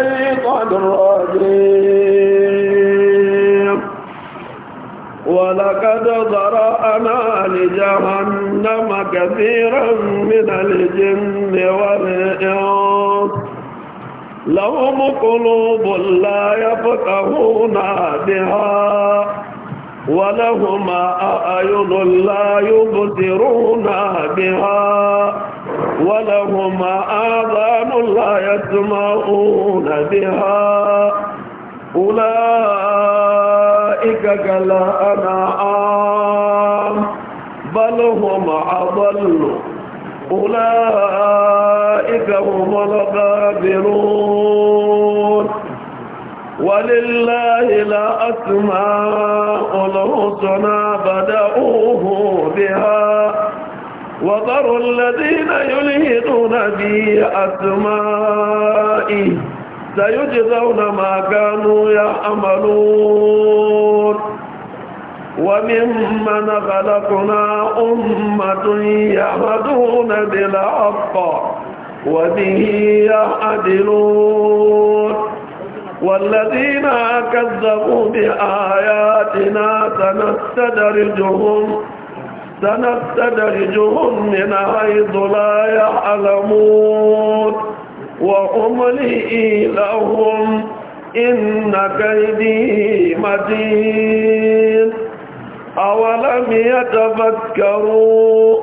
الشيطان الرجيم ولقد ضرأنا لجهنم كثيرا من الجن والإنس لهم قلوب لا يفقهون بها ولهم أعين لا يبصرون بها ولهما آذان لا يسمعون بها أولئك كالأنعام بل هم أضل أولئك هم الغابرون ولله الأسماء الحسنى بدأوه بها وذروا الذين يلهدون في أسمائه سيجزون ما كانوا يعملون وممن خلقنا أمة يهدون بالحق وبه يعدلون والذين كذبوا بآياتنا سنستدرجهم سنستدرجهم من حيث لا يعلمون وأملئ لهم إن كيدي متين أولم يتفكروا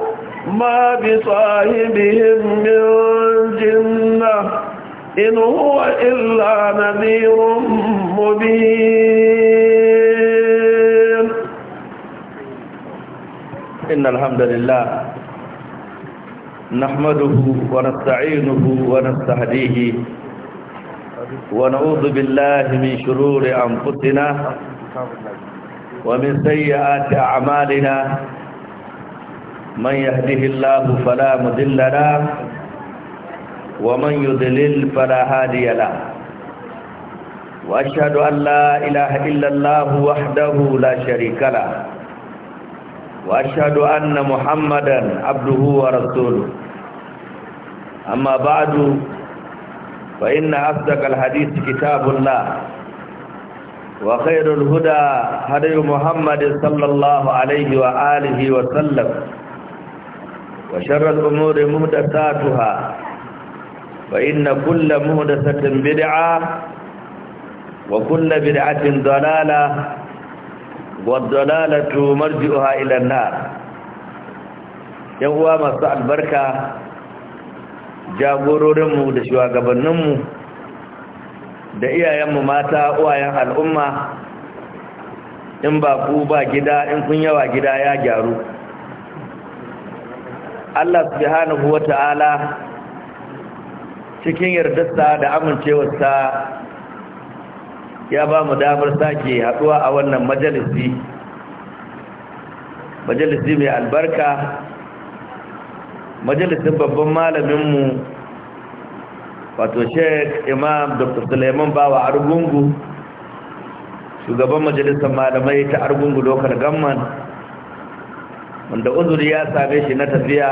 ما بصاحبهم من جنة إن هو إلا نذير مبين إن الحمد لله نحمده ونستعينه ونستهديه ونعوذ بالله من شرور أنفسنا ومن سيئات أعمالنا من يهده الله فلا مذل له ومن يذلل فلا هادي له وأشهد أن لا إله إلا الله وحده لا شريك له وأشهد أن محمدا عبده ورسوله أما بعد فإن أصدق الحديث كتاب الله وخير الهدى هدي محمد صلى الله عليه وآله وسلم وشر الأمور مهدساتها فإن كل مهدسة بدعة وكل بدعة ضلالة waddalalatu marji'uha ila an-nar yan uwa masu albarka jagororinmu da shugabanninmu da iyayenmu mata uwayen al'umma in ba ku ba gida in kun yawa gida ya gyaru Allah subhanahu wata'ala cikin yardarsa da amincewarsa ya ba mu damar sake haɗuwa a wannan majalisi majalisi mai albarka majalisin babban malaminmu wato sheik imam dr suleiman bawa argungu shugaban majalisar malamai ta argungu lokal gamman wanda uzuri ya same shi na tafiya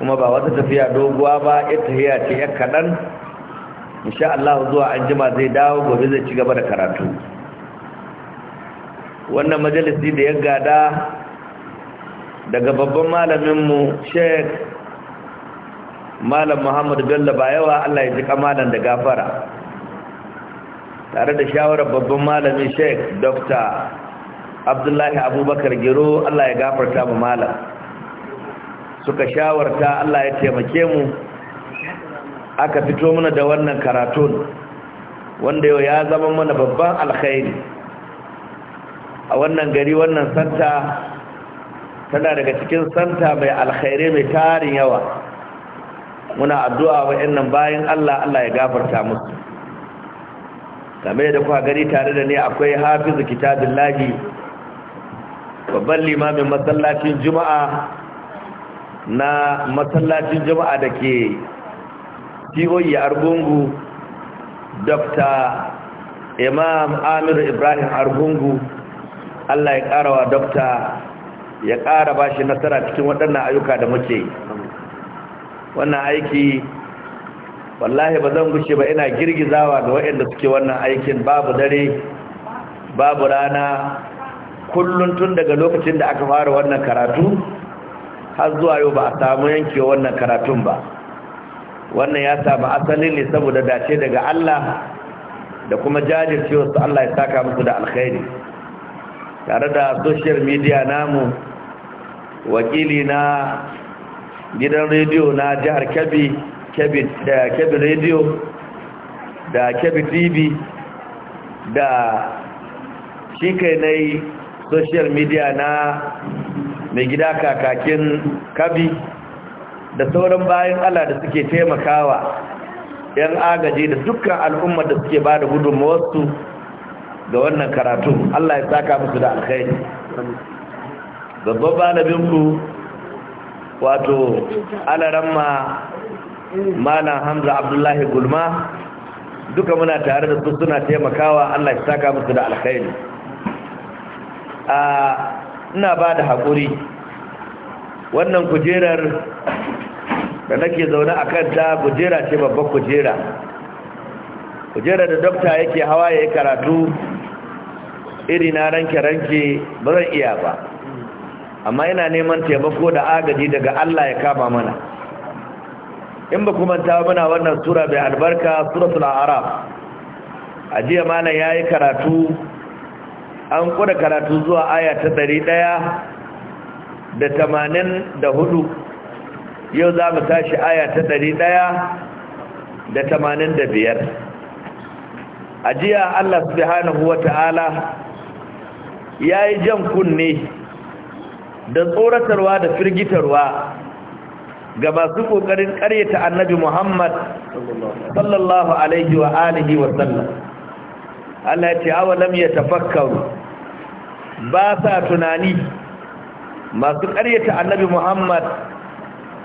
kuma ba wata tafiya doguwa ba ita hiya ce ya kaɗan insha Allah zuwa anjima zai dawo gobe zai ci gaba da karatu wannan majalisi da ya gada daga babban malaminmu Sheikh Malam Muhammad Bello Bayawa Allah ya ji kamalan da gafara tare da shawarar babban malamin Sheikh Dr. Abdullahi Abubakar Giro Allah ya gafarta mu malam suka shawarta Allah ya taimake mu aka fito mana da wannan karatun wanda yau ya zama mana babban alkhairi a wannan gari wannan santa tana daga cikin santa mai alkhairi mai tarin yawa muna addu'a wa nan bayan Allah Allah ya gafarta musu game da kuwa gari tare da ne akwai hafizu kitabillahi babban limamin masallacin juma'a na masallacin juma'a da ke ya Argungu Dr. Imam Amir Ibrahim Argungu Allah ya kara wa Dr. ya kara ba shi nasara cikin waɗannan ayyuka da muke wannan aiki wallahi ba zan gushe ba ina girgizawa ga waɗanda suke wannan aikin babu dare babu rana kullum tun daga lokacin da aka fara wannan karatu har zuwa yau ba a samu yankewa wannan karatun ba wannan ya samu asali ne saboda dace daga Allah da kuma jajircewa su Allah ya saka musu da alkhairi tare da social media namu wakili na gidan rediyo na jihar kebbi da kebbi rediyo da kebbi tv da shi kai na social media na mai gida kakakin kabi da sauran bayan Allah da suke taimakawa yan agaji da dukkan al'ummar da suke ba da gudunmawarsu ga wannan karatu Allah ya saka musu da alkhairi babban malabinku wato alaramma malam hamza abdullahi gulma duka muna tare da su suna taimakawa Allah ya saka musu da alkhairi a ah, ina ba da haƙuri wannan kujerar da nake zaune a kanta kujera ce babban kujera kujera da dokta yake hawa ya yi karatu iri na ranke-ranke ba zan iya ba amma yana neman taimako da agaji daga Allah ya kama mana in ba kuma ta muna wannan sura bai albarka suratul araf a jiya mana ya yi karatu an kuda karatu zuwa aya ta ɗari ɗaya da tamanin da hudu yau za mu tashi aya ta ɗari ɗaya da tamanin da biyar a jiya allah subhanahu wa ta'ala ya yi jan kunne da tsoratarwa da firgitarwa ga masu ƙoƙarin ƙaryata annabi muhammad sallallahu alaihi wa alihi wa sallam allah ya ce awalam ya tafakkaru ba sa tunani masu ƙaryata annabi muhammad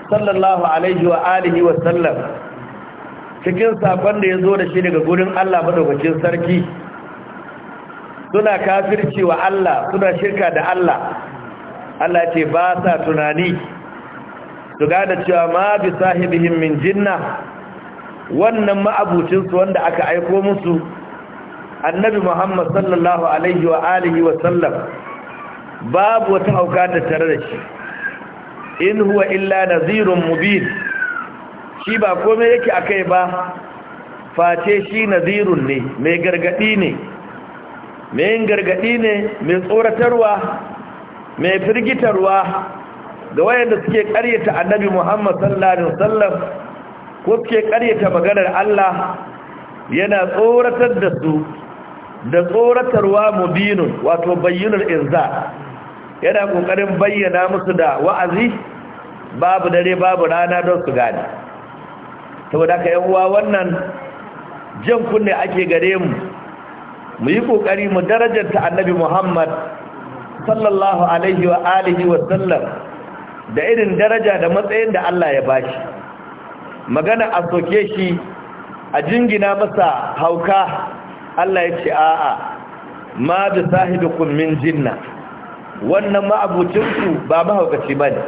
sallallahu alaihi wa alihi wa sallam cikin sakon da ya zo da shi daga gurin Allah madaukakin sarki suna kafirci wa Allah suna shirka da Allah Allah ce ba sa tunani su gada cewa ma bi sahibihim min jinna wannan ma'abucinsu wanda aka aiko musu annabi Muhammad sallallahu alaihi wa alihi wa sallam babu wata auka da tare da shi in huwa illa nazirun mubin shi ba komai yake akai ba face shi nazirun ne mai gargadi ne mai gargadi ne mai tsoratarwa mai firgitarwa ga wayanda suke karyata annabi Muhammad sallallahu alaihi ko suke karyata maganar Allah yana tsoratar da su da tsoratarwa mubinun wato bayyinar inza yana kokarin bayyana musu da wa'azi babu dare babu rana don su gane saboda ka uwa wannan jan kunne ake gare mu mu yi kokari mu darajarta annabi muhammad sallallahu alaihi wa alihi wa sallam da irin daraja da matsayin da allah ya bashi magana a soke shi a jingina masa hauka allah ya ce a'a ma bi sahibikum min jinna wannan ma'abucinsu ba mahaukaci ba ne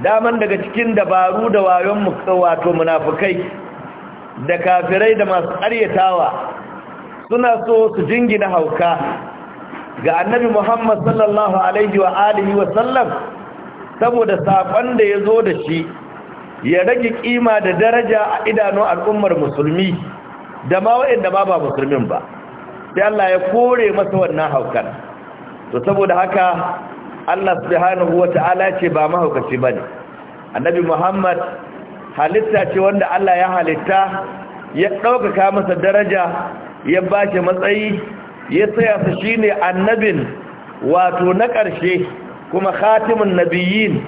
daman daga cikin dabaru da wayon wato munafukai da kafirai da masu ƙaryatawa suna so su jingina hauka ga annabi muhammad sallallahu alaihi wa alihi wa sallam saboda saƙon da ya zo da shi ya rage ƙima da daraja a idanu al'ummar musulmi da ma waɗanda ba ba musulmin ba sai Allah ya kore masa wannan haukar to saboda haka Allah subhanahu wata'ala ce ba mahaukaci bane annabi Muhammad halitta ce wanda Allah ya halitta ya ɗaukaka masa daraja ya bashi matsayi ya tsaya sa shine annabin wato na ƙarshe kuma khatimun nabiyyin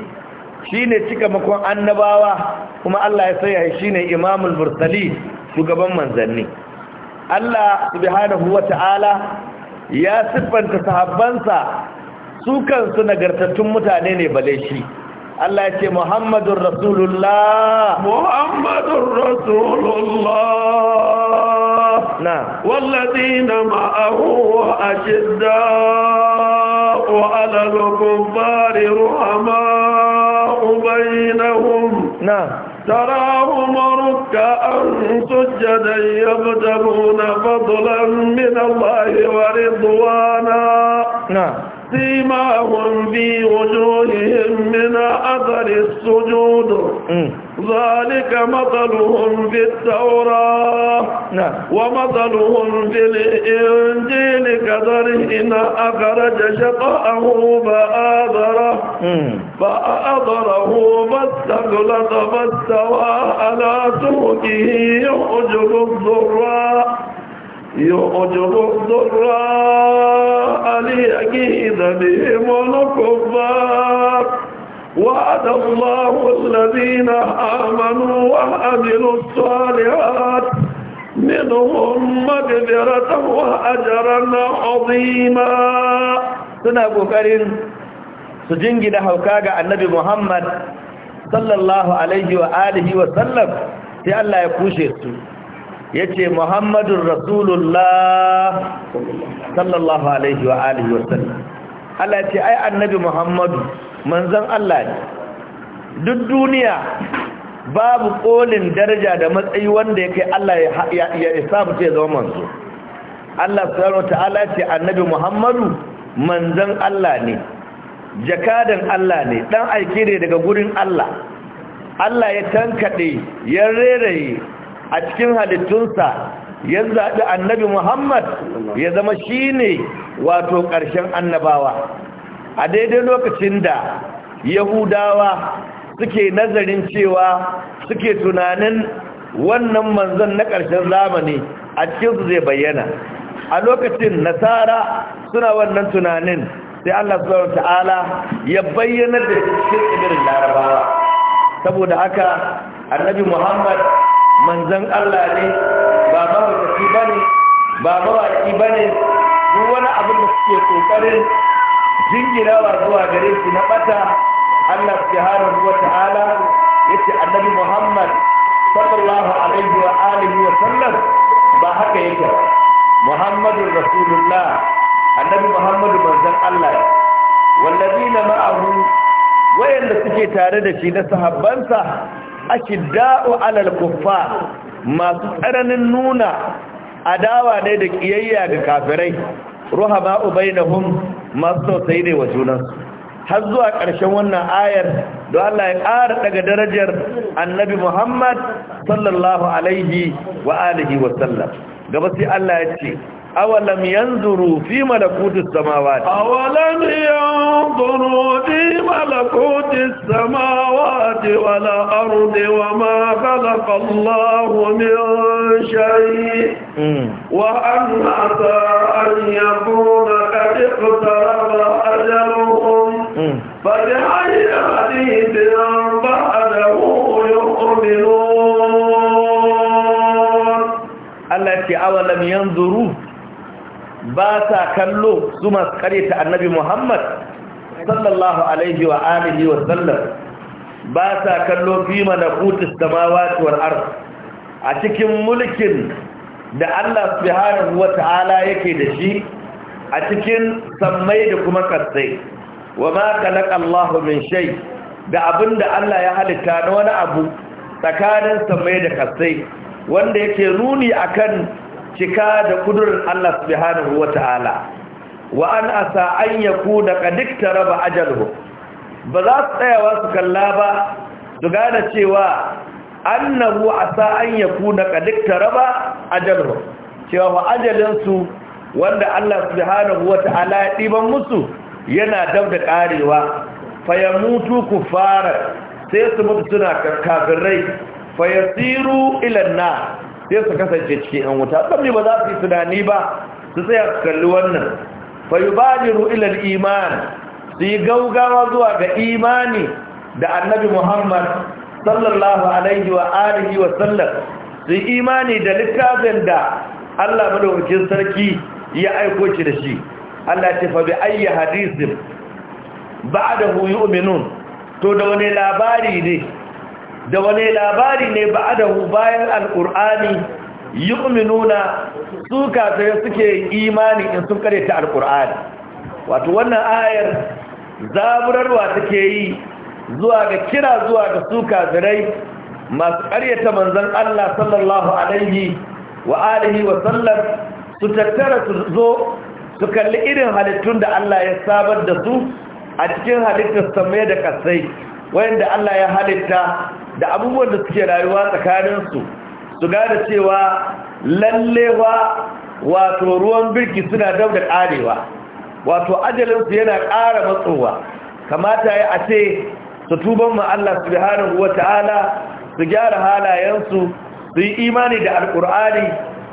shine cikamakon annabawa kuma Allah ya tsaya shine imamul mursali shugaban manzanni Allah subhanahu wata'ala ya siffanta sahabbansa su kansu nagartattun mutane ne bale shi Allah ya ce Muhammadun Rasulullah Muhammadun Rasulullah na wallazina ma'ahu ashidda wa 'ala al-kuffari ruhama bainahum na tarahum أن سجدا يبتغون فضلا من الله ورضوانا نعم سيماهم في وجوههم من أثر السجود ذلك مثلهم في التوراة نعم. ومثلهم في الإنجيل كذرهن أخرج شقاءه فآذره فآذره فاستغلط فاستوى على سوقه يعجب الضراء yóò ọjọ́ bó tọ́rọ aléyàgé ìdàdé mọ́lọ́kọ̀ bá wà dámà mọ́sílẹ̀dí na àmànú wà àmìlò tọ́lẹ̀ nínú mọ́dẹ̀bẹ̀rẹ̀ tánwà àjára na ọdíma suna ƙoƙarin su jingina hauka ga annabi muhammad sallallahu alaihi wa wa sallam sai allah ya kushe su ya ce muhammadun rasulullah sallallahu alaihi wa alihi sallam Allah ce ai annabi muhammadu manzan Allah ne duk duniya babu kolin daraja da matsayi wanda ya kai Allah ya isa mutu ya zama manzo Allah subhanahu ta'ala ce annabi muhammadu manzan Allah ne jakadan Allah ne dan aike ne daga gurin Allah Allah ya tankaɗe ya reraye a cikin halittunsa ya zaɓi annabi muhammad ya zama shi ne wato ƙarshen annabawa a daidai lokacin da yahudawa suke nazarin cewa suke tunanin wannan manzon na ƙarshen zamani a cikinsu zai bayyana a lokacin nasara suna wannan tunanin sai allah subhanahu ta'ala ya bayyana da cikin tsibirin larabawa saboda haka annabi muhammad manzan Allah ne ba mahaukaci ba ne ba mawaki ba ne duk wani abin da suke kokarin jingirawa zuwa gare shi na bata Allah subhanahu wa ta'ala yace annabi Muhammad sallallahu alaihi wa alihi wa sallam ba haka yake Muhammadur Rasulullah annabi Muhammadu manzan Allah wallazina ma'ahu wayanda suke tare da shi na sahabbansa da'o alal kuffa masu tsananin nuna adawa ne da kiyayya ga kafirai ruhama'u bainahum masu tausayi ne wa junansu har zuwa ƙarshen wannan ayar don Allah ya ƙara daga darajar annabi Muhammad sallallahu alaihi wa alihi wa sallam gaba sai Allah ya ce أولم ينظروا في ملكوت السماوات أولم ينظروا في ملكوت السماوات والأرض وما خلق الله من شيء وأن أتى أن يكون قد اقترب أجلهم فبأي حديث بعده يؤمنون التي أولم ينظروا ba sa kallo su masu karyata annabi muhammad sallallahu alaihi wa alihi wa sallam ba sa kallo fi malakutis da wal ard a cikin mulkin da Allah subhanahu wa ta'ala yake da shi a cikin sammai da kuma kasai wa ma khalaqa Allahu min shai. da abinda Allah ya halitta na wani abu tsakanin sammai da kasai wanda yake nuni akan cika da kudurin Allah subhanahu wa ta'ala wa an asa an yakuna qad raba ajaluhu ba za su tsayawa su kalla ba su gane cewa annahu asa an yakuna qad raba ajaluhu cewa wa ajalinsu, wanda Allah subhanahu wa ta'ala ya ɗiban musu yana dab da mutu ku fara, sai su mutu suna kafin kafirai fayasiru ilan na sai su kasance cikin yan wuta saboda ba za su yi tunani ba su tsaya su kalli wannan fa yubadiru ila al-iman su yi gaugawa zuwa ga imani da annabi Muhammad sallallahu alaihi wa alihi wa sallam su yi imani da littafin da Allah madaukakin sarki ya aiko shi da shi Allah ce fa bi ayyi hadisin ba'dahu yu'minun to da wani labari ne da wane labari ne ba ba'adahu bayan yi yu'minuna su kafirai suke imani in sun ta Alkur'ani? wato wannan ayar zaburarwa take yi zuwa ga kira zuwa ga su kafirai masu karyata manzan Allah sallallahu alaihi wa alihi wa sallam su tattara su zo su kalli irin halittun da Allah ya sabar da su a cikin halittar samai da kasai wayanda Allah ya halitta da abubuwan da suke rayuwa tsakanin su gane cewa lallewa wato ruwan birki suna dab da ƙarewa wato ajalinsu yana ƙara matsowa kamata ya a ce su tuban mu Allah subhanahu wata'ala su gyara halayensu su yi imani da alkur'ani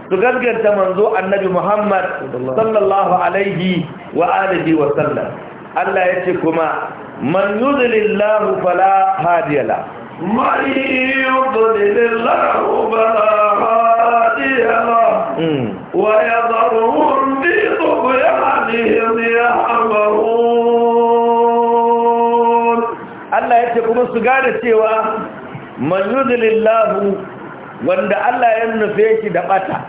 su gaskanta manzo annabi Muhammad sallallahu alaihi wa alihi wa sallam Allah ya ce kuma man yudlillahu fala hadiyala man yudlillahu fala hadiyala hmm. wa yadhurhum bi tughyanihim yahmahun Allah ya ce kuma su gane cewa man yudlillahu wanda Allah ya nufe shi da bata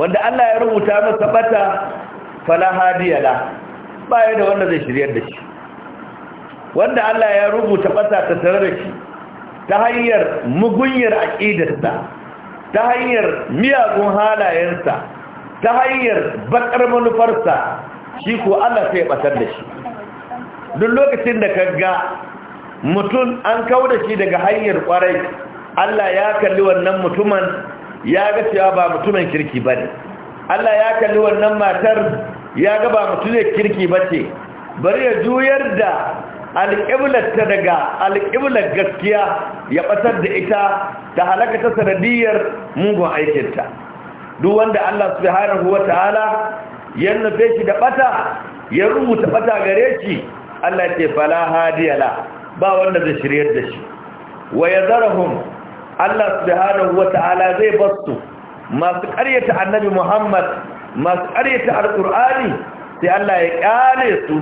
wanda Allah ya rubuta masa bata fala hadiyala ba ya da wanda zai shiryar da shi wanda Allah ya rubuta bata ta tare da shi ta hanyar mugunyar aƙidarsa ta hanyar miyagun halayensa ta hanyar bakar manufarsa shi ko Allah sai ya batar da shi duk lokacin da ka ga mutum an kauda shi daga hanyar kwarai Allah ya kalli wannan mutumin ya ga cewa ba mutumin kirki bane Allah ya kalli wannan matar ya gaba mutu zai kirki bace bari ya juyar da alƙiblar ta daga alƙiblar gaskiya ya ɓatar da ita ta halaka ta sanadiyar mugun aikinta duk wanda Allah subhanahu wa ta'ala ya nufe shi da ɓata ya rubuta ɓata gare shi Allah ce fala hadiyala ba wanda zai shiryar da shi wa ya hun Allah subhanahu huwa ta'ala zai bastu masu ƙaryata annabi Muhammad masu ƙarita alƙur'ani sai Allah ya ƙyale su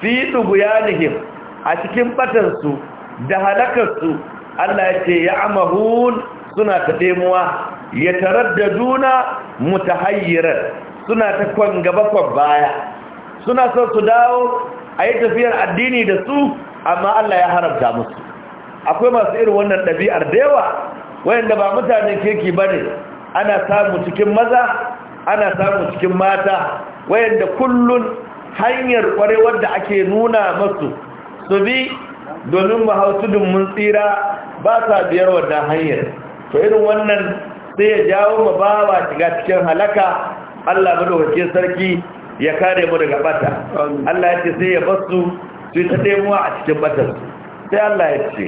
fi ɗuguyanihim a cikin batansu da halakarsu Allah ya ce ya amahun suna ta ɗemuwa ya tarar da juna mutahayyirar suna ta kwan baya suna son su dawo a yi tafiyar addini da su amma Allah ya haramta musu akwai masu irin wannan ɗabi'ar da yawa wayanda ba mutane keki ba ne ana samu cikin maza ana samu cikin mata wayanda kullun hanyar kware da ake nuna masu su bi domin mahautudun mun tsira ba sa biyar wannan hanyar to irin wannan sai ya jawo ma bawa shiga cikin halaka Allah wace sarki ya kare mu daga bata Allah ya ce sai ya basu su ta demuwa a cikin batar sai Allah ya ce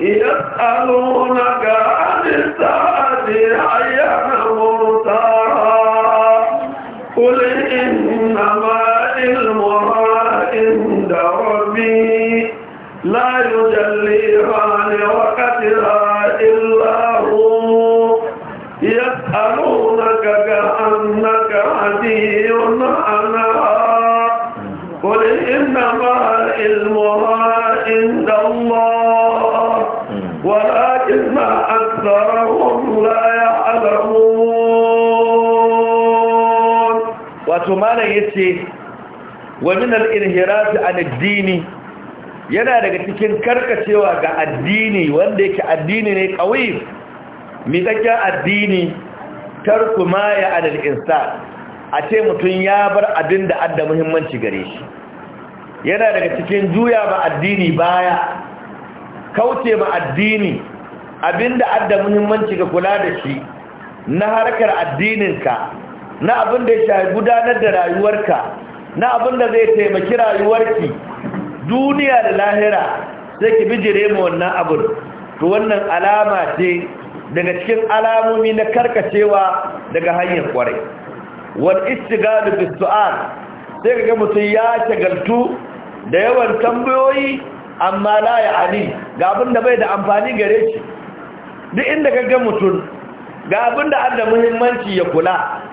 يسألونك عن الساعة قل إنما علمها عند ربي لا يجليها لوقتها wato malam yace wa min al-inhiraf an ad dini yana daga cikin karkacewa ga addini wanda yake addini ne qawi mi kake addini tarku ma ya adal insan a ce mutun ya bar abin da adda muhimmanci gare shi yana daga cikin juya ba addini baya kauce ma addini abinda adda muhimmanci ga kula da shi na harkar addininka na abin da ya shafi gudanar da rayuwarka na abin da zai taimaki rayuwarki duniya da lahira sai ki bijire mu wannan abin to wannan alama ce daga cikin alamomi na karkacewa daga hanyar kwarai wal istigalu bis su'al sai kaga mutum ya shagaltu da yawan tambayoyi amma la ya ga abin da bai da amfani gare shi duk inda ga mutum ga abin da an muhimmanci ya kula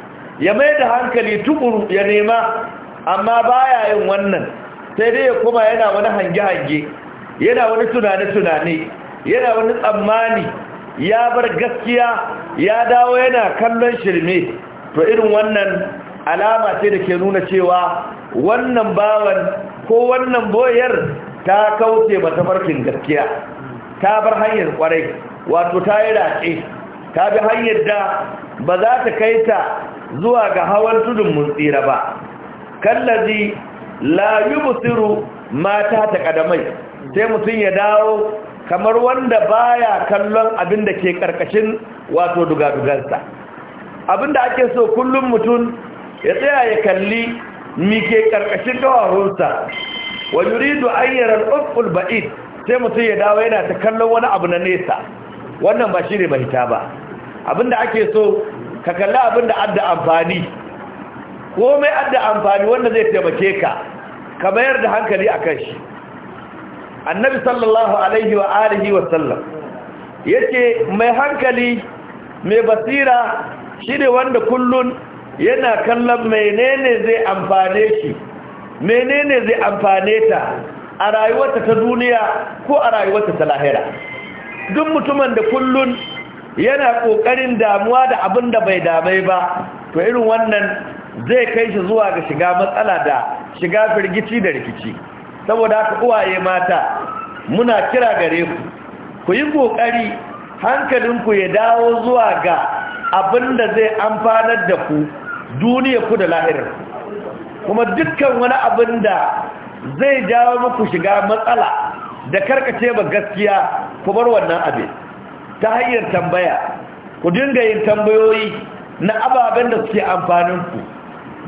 ya mai da hankali tukuru ya nema amma baya yin wannan sai dai ya kuma yana wani hange-hange yana wani tunane-tunane yana wani tsammani ya bar gaskiya ya dawo yana kallon shirme to irin wannan alama ce da ke nuna cewa wannan bawan ko wannan boyar ta kauce mata farkin gaskiya ta bar hanyar kwarai wato ta yi rake ta bi hanyar da ba za ta kai ta zuwa ga hawan tudun mun tsira ba kallazi la yubsiru mata ta kadamai sai mutum ya dawo kamar wanda baya kallon abin da ke karkashin wato dugadugarsa abin da ake so kullum mutum ya tsaya ya kalli mi ke karkashin kawahunsa wa yuridu ayyarar uful ba'id sai mutum ya dawo yana ta kallon wani abu na nesa wannan ba shi ne mahita ba abin da ake so ka kalli abin da adda amfani komai adda amfani wanda zai taimake ka ka mayar da hankali a kan shi annabi sallallahu alaihi wa alihi wa sallam yace mai hankali mai basira shi ne wanda kullun yana kallon menene zai amfane shi menene zai amfane ta a rayuwarta ta duniya ko a rayuwarta ta lahira duk mutumin da kullun yana ƙoƙarin damuwa da abin da bai damai ba to irin wannan zai kai shi zuwa ga shiga matsala da shiga firgici da rikici saboda haka uwaye mata muna kira gare ku ku yi ƙoƙari hankalinku ya dawo zuwa ga abin da zai amfanar da ku duniya ku da lahirar kuma dukkan wani abin da zai jawo muku shiga matsala da karkace ba gaskiya ku bar wannan abin ta hanyar tambaya ku dinga yin tambayoyi na ababen da suke amfaninku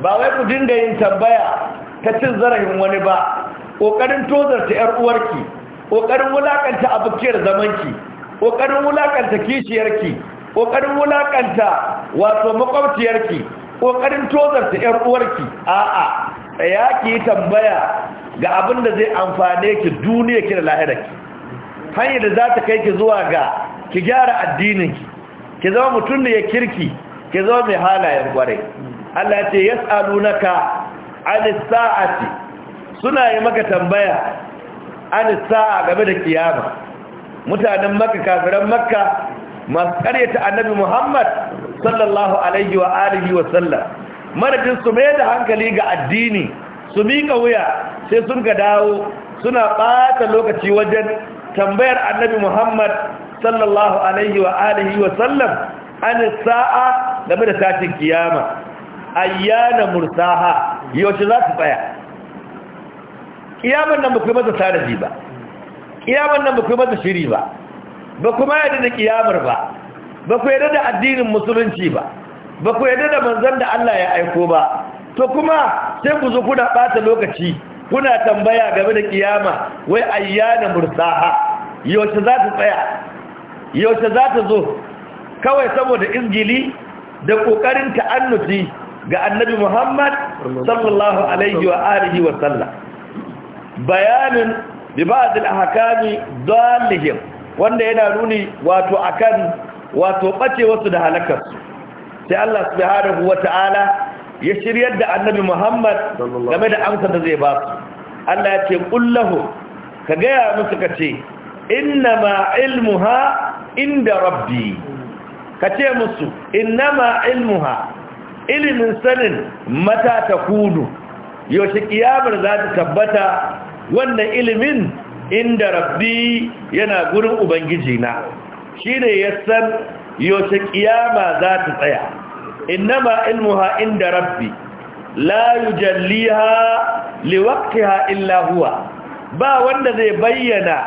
ba wai ku dinga yin tambaya ta cin zarafin wani ba ƙoƙarin tozarta 'yar uwarki ƙoƙarin wulaƙanta abokiyar zamanki ƙoƙarin wulaƙanta kishiyarki ƙoƙarin wulaƙanta wato makwabciyarki ƙoƙarin tozarta 'yar uwarki a'a ya ki tambaya ga abin da zai amfane ki duniya ki da lahirarki hanyar da za ta kai ki zuwa ga ki gyara addinin ki ki zama mutum da ya kirki ki zama mai halayen kwarai Allah ce yas'alunaka an sa'ati suna yi maka tambaya an sa'a game da kiyama mutanen makka kafiran makka masu karyata annabi muhammad sallallahu alaihi wa alihi wa sallam madadin su mai da hankali ga addini su miƙa wuya sai sun ga dawo suna ɓata lokaci wajen tambayar annabi muhammad sallallahu alaihi wa alihi wa sallam an sa'a game da tashin kiyama ayyana mursaha yaushe za su tsaya kiyaman nan bakwai mata tarihi ba kiyaman nan bakwai masa shiri ba ba kuma yadda da kiyamar ba ba ku yadda da addinin musulunci ba ba ku yadda da manzan da Allah ya aiko ba to kuma sai ku zo kuna ɓata lokaci kuna tambaya game da kiyama wai ayyana mursaha yaushe za ta tsaya yaushe za ta zo kawai saboda izgili da ƙoƙarin ta'annuti ga annabi muhammad sallallahu alaihi wa alihi wa sallah bayanin bi ba'd al-ahkami wanda yana nuni wato akan wato bace wasu da halakarsu sai Allah subhanahu ta'ala ya shiryar da annabi Muhammad game da amsar da zai ba su Allah ya ce kullahu ka gaya musu ka ce inna ma ha. inda rabbi ka ce musu innama ilmuha ilimin sanin mata ta kudu yaushe kiyamar za ta tabbata wannan ilimin inda rabbi yana gurin ubangiji na shine ya san yaushe kiyama za ta tsaya innama ilmuha inda rabbi la yujalliha liwaqtiha ha huwa ba wanda zai bayyana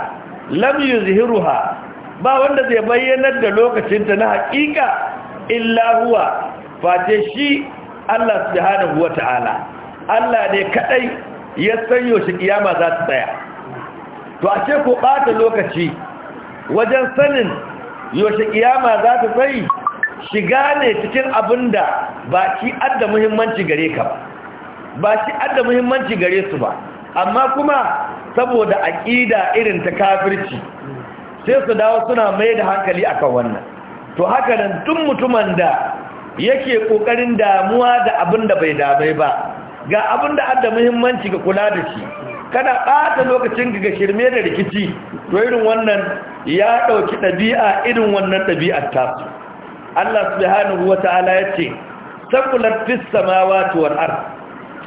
lam yuzhiruha ba wanda zai bayyanar da lokacinta na haƙiƙa illa huwa face shi Allah subhanahu Ta'ala, Allah ne kaɗai ya sanyo shi kiyama za ta tsaya to a ce ko bata lokaci wajen sanin yaushe ƙiyama za ta tsayi shiga ne cikin abinda ba ki adda muhimmanci gare ka ba ba shi adda muhimmanci gare su ba amma kuma saboda aqida irin ta kafirci sai su dawo suna mai da hankali akan wannan to haka nan tun mutumin da yake kokarin damuwa da abin da bai damai ba ga abin da adda muhimmanci ga kula da shi kana ɓata lokacin ga shirme da rikici to irin wannan ya ɗauki ɗabi'a irin wannan ɗabi'ar ta Allah subhanahu wata'ala ya ce sakulat fis samawati wal ard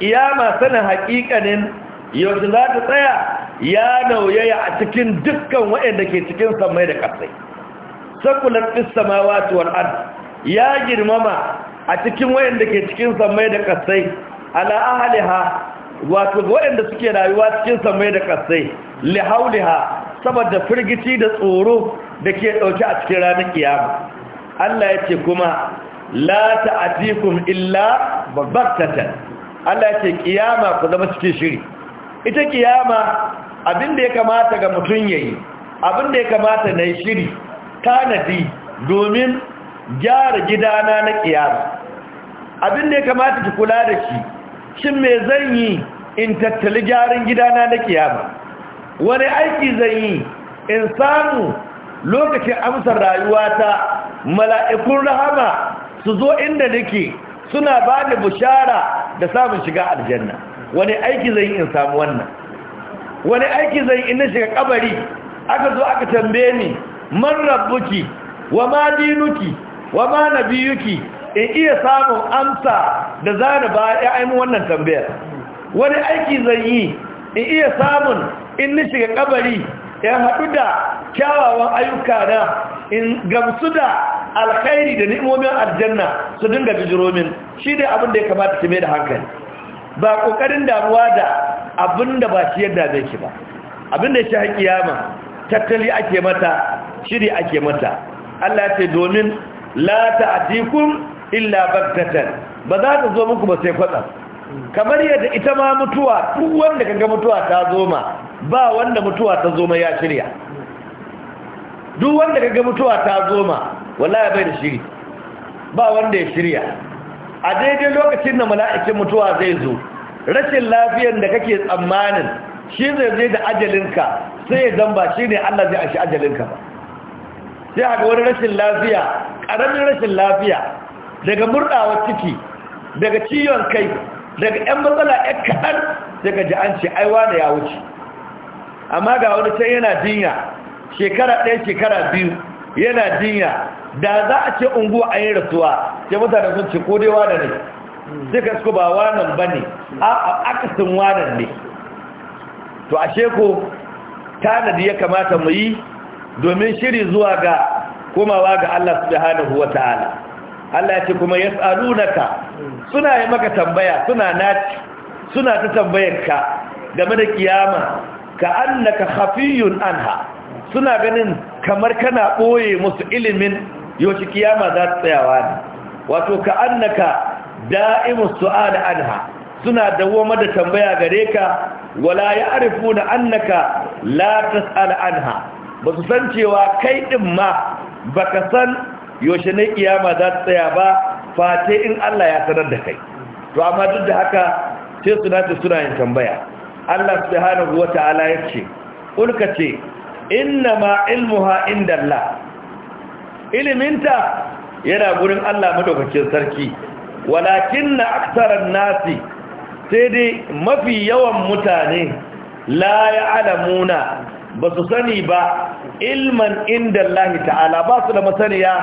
kiyama sana haƙiƙanin yaushe za ta tsaya ya nauyaya a cikin dukkan waɗanda ke cikin samai da ƙasai sakular ma wato wal'ad ya girmama a cikin waɗanda ke cikin samai da ƙasai ala ahaliha wato waɗanda suke rayuwa cikin samai da ƙasai lihauliha saboda firgici da tsoro da ke ɗauke a cikin ranar kiyama Allah ya ce kuma la ta'atikum illa baktatan Allah ya ce kiyama ku zama cikin shiri ita kiyama abin da ya kamata ga mutum ya yi abin da ya kamata na shiri tanadi domin gyara gidana na kiyara abin da ya kamata ki kula da shi shin mai zan yi in tattali gyaran gidana na ƙiyar wani aiki zan yi in samu lokacin amsar rayuwata mala'ikun rahama su zo inda nake suna ba da bushara da samun shiga aljanna wani aiki zai yi in samu wannan wani aiki zai ina shiga kabari aka zo aka tambaye ni man rabbuki wa ma dinuki wa ma nabiyuki in iya samun amsa da zana ba ya wannan tambayar wani aiki zai yi in iya samun in ni shiga kabari ya haɗu da kyawawan ayyuka na in gamsu da alkhairi da ni'imomin aljanna su dinga bijiromin, shi dai abin da ya kamata ki mai da hankali ba kokarin damuwa da abinda ba shi yadda zai ki ba abinda shi haƙi yama tattali ake mata shiri ake mata Allah ce domin la ta'tikum illa baghtatan ba za ta zo muku ba sai kwatsa kamar yadda ita ma mutuwa duk wanda kanga mutuwa ta zo ma ba wanda mutuwa ta zo ma ya shirya duk wanda kanga mutuwa ta zo ma wallahi bai da shiri ba wanda ya shirya a daidai lokacin da mala'ikin mutuwa zai zo rashin lafiyar da kake tsammanin shi zai zai da ajalinka sai ya zamba shi ne Allah zai ashi ajalinka ba sai haka wani rashin lafiya ƙaramin rashin lafiya daga murɗawa ciki daga ciyon kai daga 'yan matsala 'yan kaɗan daga ja'anci, ce aiwa da ya wuce amma ga wani can yana jinya shekara ɗaya shekara biyu yana jinya da za a ce unguwa an yi rasuwa ce mutane sun ce kodai da ne sai ka ba wanan ba ne akasin wanan ne to a ko tanadi ya kamata mu yi domin shiri zuwa ga komawa ga Allah wa ta'ala Allah ya ce kuma ya yas'alunaka suna yi maka tambaya suna naci suna ta tambayar ka game da kiyama ka annaka hafiyun anha suna ganin kamar kana ɓoye musu ilimin yoshi kiyama za ta tsayawa ne wato ka annaka da'imus su'al anha suna dawoma da tambaya gare ka wala ya na annaka la tas'al anha ba su san cewa kai ɗin ma ba ka san yaushe ne kiyama za ta tsaya ba fate in Allah ya sanar da kai to amma duk da haka sai suna ta suna yin tambaya Allah subhanahu ya yace ulka ce Inna ma ilmuha indallah iliminta yana gurin Allah madaukakin sarki walakin na aktaran nasi sai dai mafi yawan mutane la ya'lamuna ba su sani ba ilman inda Allah ta'ala ba su da masaniya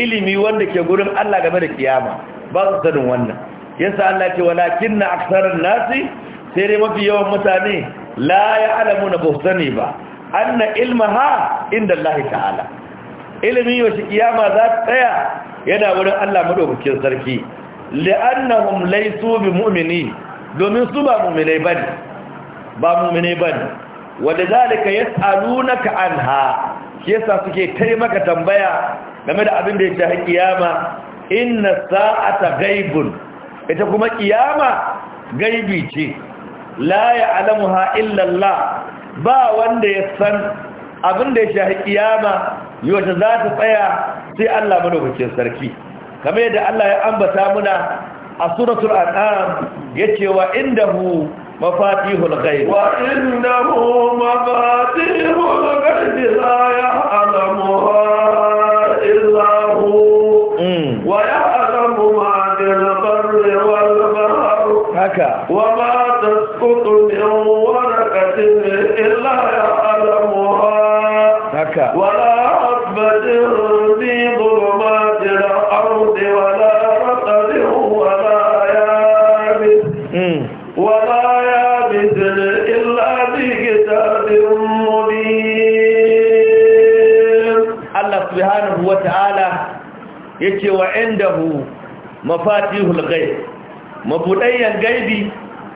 ilimi wanda ke gurin Allah game da kiyama ba su sanin wannan yasa Allah ce walakin na aksarar nasi sai dai mafi yawan mutane la ya alamuna ba su sani ba anna ilmaha inda Allah ta'ala ilimi wa kiyama za ta tsaya yana wurin Allah madaukakin sarki li'annahum laysu bimu'mini domin su ba mu'minai bane ba mu'minai bane wanda zalika yas'alunaka anha yasa suke taimaka maka tambaya game da abin da ya kiyama inna sa'ata gaibun ita kuma kiyama gaibi ce la ya'lamuha illa Allah ba wanda ya san abin da ya shahi kiyama yaushe za ta tsaya sai Allah madaukakin sarki kamar yadda Allah ya ambata muna a suratul an'am yace wa indahu mafatihul ghaib wa innahu mafatihul ghaib la ya'lamuha illa hu mm. wa ya'lamu ma fil barri wal bahr haka wa ma tasqutu min mafatihul ghaib mabudayyan gaibi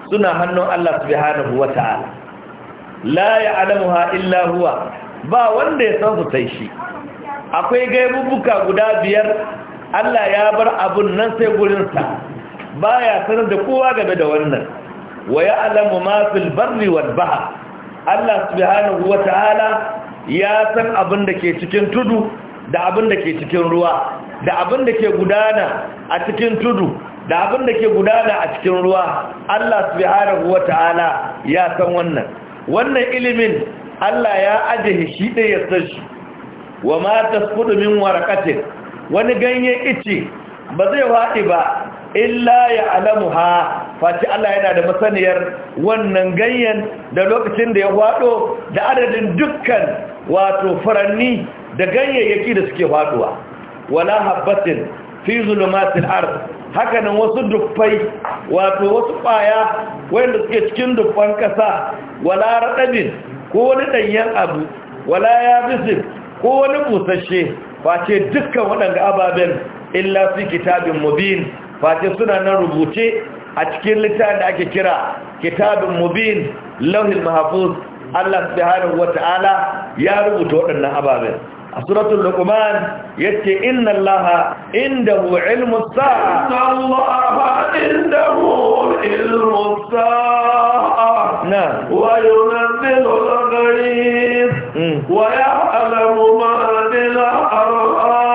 suna hannun Allah subhanahu wata'ala la ya'lamuha illa huwa ba wanda ya san su sai shi akwai gaibubuka guda biyar Allah ya bar abun nan sai gurin sa baya sanar da kowa game da wannan wa ya'lamu ma fil barri wal bahr Allah subhanahu wata'ala ya san abin da ke cikin tudu da abin da ke cikin ruwa da abin da ke gudana a cikin tudu da abin da ke gudana a cikin ruwa Allah subhanahu Ta'ala ya san wannan wannan ilimin Allah ya ajiye shi da ya san shi wa ma tasqudu min waraqatin wani ganye ice ba zai waɗi ba illa ya alamu ha fati Allah yana da masaniyar wannan ganyen da lokacin da ya waɗo da adadin dukkan wato furanni da ganyayyaki da suke faɗuwa wala habbatin fi zulumatil ard haka nan wasu dufai wato wasu baya wanda suke cikin dufan kasa wala radabin ko wani danyen abu wala yabisin ko wani busasshe face dukkan waɗanda ababen illa fi kitabin mubin face suna nan rubuce a cikin littafin da ake kira kitabin mubin lauhin Mahfuz," Allah subhanahu wata'ala ya rubuta waɗannan ababen سورة اللقمان يتي إن الله عنده علم الساعة إن الله عنده علم الساعة نعم وينزل الغيث ويعلم ما في بالأرواح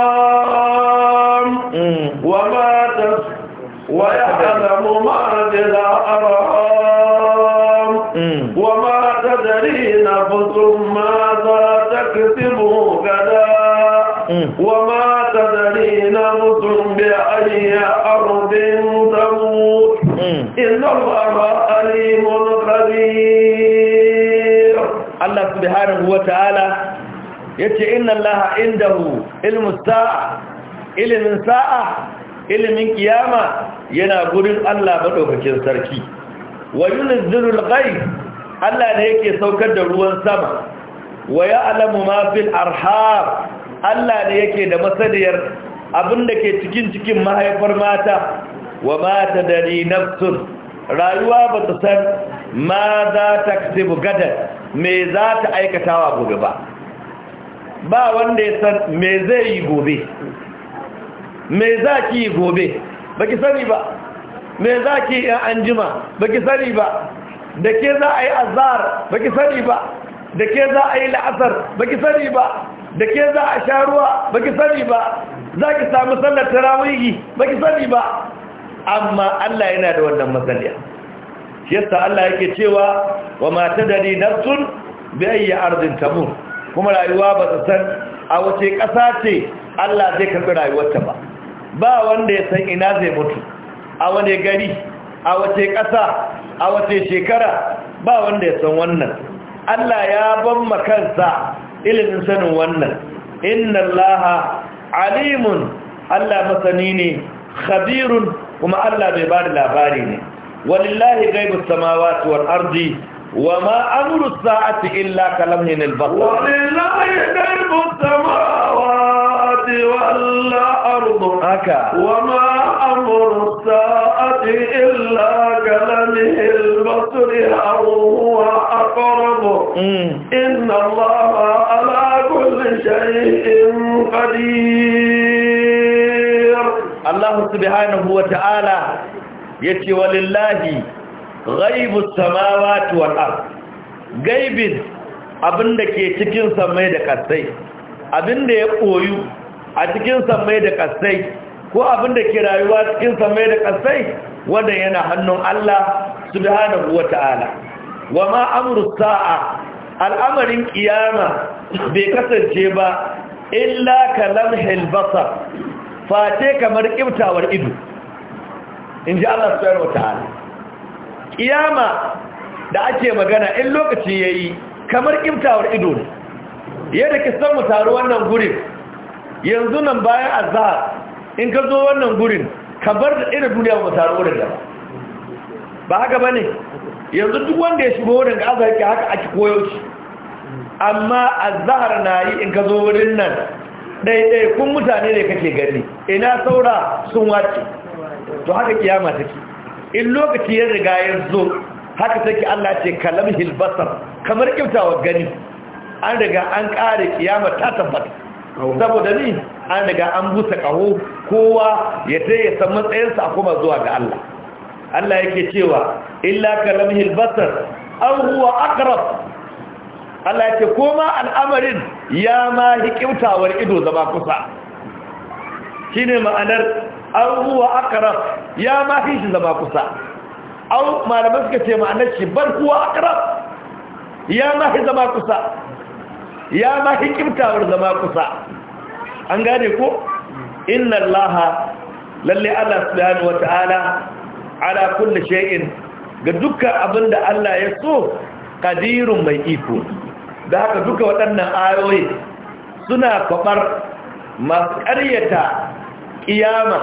yace inna allaha indahu ilmu sa'a ilimin sa'a ilimin kiyama yana gurin Allah madaukakin sarki wa yunzilul ghaib Allah ne yake saukar da ruwan sama wa ya'lamu ma fil arham Allah ne yake da abin abinda ke cikin cikin mahaifar mata wa ma tadri nafsun rayuwa ba ta san ma za ta kasibu gadar me za ta aikatawa gobe ba ba wanda ya san me zai yi gobe me za ki yi gobe ba ki sani ba me za ki yi an jima ba ki sani ba da ke za a yi azhar ba ki sani ba da ke za a yi la'asar ba ki sani ba da ke za a sha ruwa ba ki sani ba za ki samu sallar tarawihi ba ki sani ba amma Allah yana da wannan matsaliya shi Allah yake cewa wa ma tadri nafsun bi ayyi ardin tamut kuma rayuwa ba ta san a wace ƙasa ce Allah zai karɓi rayuwarta ba ba wanda ya san ina zai mutu a wane gari a wace ƙasa a wace shekara ba wanda ya san wannan Allah ya ban makansa ilimin sanin wannan inna Allah alimun Allah masani ne khabirun kuma Allah bai ba da labari ne walillahi ghaibus samawati wal ardi wa ma amru sa'ati illa kalamin al-basar wa lillahi dalbu samawati wal ardu wa ma amru sa'ati illa kalamin al-basar huwa aqrabu mm. inna allaha ala kulli shay'in qadir allah subhanahu wa ta'ala yace wa lillahi غيب السماوات والارض غيب gaibin abinda ke cikin samai da kasai abinda ya koyu a cikin samai da kasai ko abinda ke rayuwa cikin samai da kasai wanda yana hannun Allah subhanahu wata'ala wama amru sa'a al'amarin kiyama bai kasance ba illa kalamhil basar fate kamar kibtawar ido inji Allah subhanahu wata'ala kiyama da ake magana in lokaci yayi kamar kimtawar ido ne yadda ki san mu taru wannan gurin yanzu nan bayan azhar in ka zo wannan gurin ka bar da irin duniya mu taru da ba haka bane yanzu duk wanda ya shigo wurin ga azhar ki haka ake koyo shi amma azhar na yi in ka zo wurin nan ɗaiɗaikun kun mutane ne kake gani ina saura sun wace to haka kiyama take in lokaci ya riga ya zo haka take Allah ce kalam hilbasar kamar wa gani an riga an ƙare kiyama ta tabbata saboda ni an riga an busa ƙaho kowa ya ta ya san matsayinsa a kuma zuwa ga Allah Allah yake cewa illa kalam hilbasar an huwa akrab Allah yake koma al'amarin ya ma hi kyautawar ido zama kusa shine ma'anar an akara ya ma fi shi zama kusa au malamai suka ce ma'anar shi bar kuwa akara ya ma fi zama kusa ya ma fi kimtawar zama kusa an gane ko inna allaha lalle allah subhanahu wata'ala ala kulli shay'in ga duka abinda allah ya so kadirun mai iko da haka duka waɗannan ayoyi suna kwabar masu ƙaryata kiyama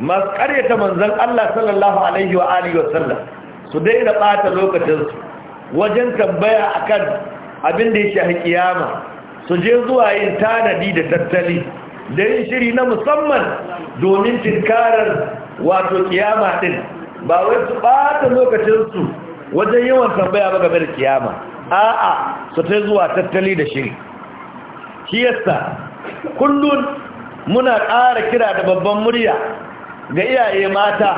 masu karyata manzan Allah sallallahu alaihi wa alihi wasallam su daina bata lokacinsu wajen tambaya akan abin da ya shahi kiyama su je zuwa yin tanadi da tattali da yin shiri na musamman domin tinkarar wato kiyama din ba wai su bata lokacinsu wajen yawan tambaya ba game da kiyama a'a su ta zuwa tattali da shiri kiyasta kullum. kullun muna ƙara kira da babban murya ga iyaye mata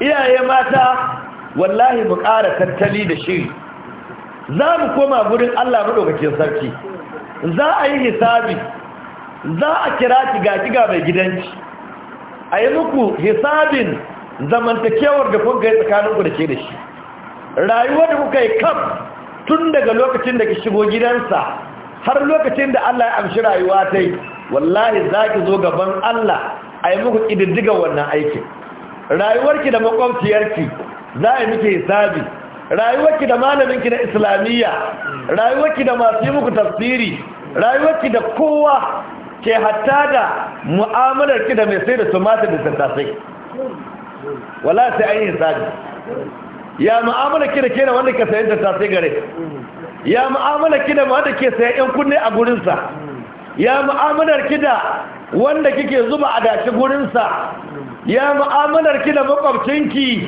iyaye mata wallahi mu ƙara tattali da shi. za mu koma gurin Allah maɗaukakin sarki za a yi hisabi za a kira ki ga kiga mai gidanci a yi muku hisabin zamantakewar da kun tsakaninku da ke da shi rayuwar da kuka yi kaf tun daga lokacin da ki shigo gidansa har lokacin da Allah ya amshi rayuwa ta yi wallahi za ki zo gaban Allah a yi muku ƙididdigan wannan aikin rayuwarki da makwabciyarki za a yi muke hisabi rayuwarki da malaminki na islamiyya rayuwarki da masu yi muku tafsiri rayuwarki da kowa ke hatta da mu'amalarki da mai sai da tumatir da tattasai wala sai an yi hisabi ya mu'amalarki da ke da wanda ka sayi tattasai gare ya mu'amalarki da wanda ke sayi 'yan kunne a gurinsa ya mu'amalar ki da wanda kike zuba a dace gurinsa ya mu'amalar ki da makwabcinki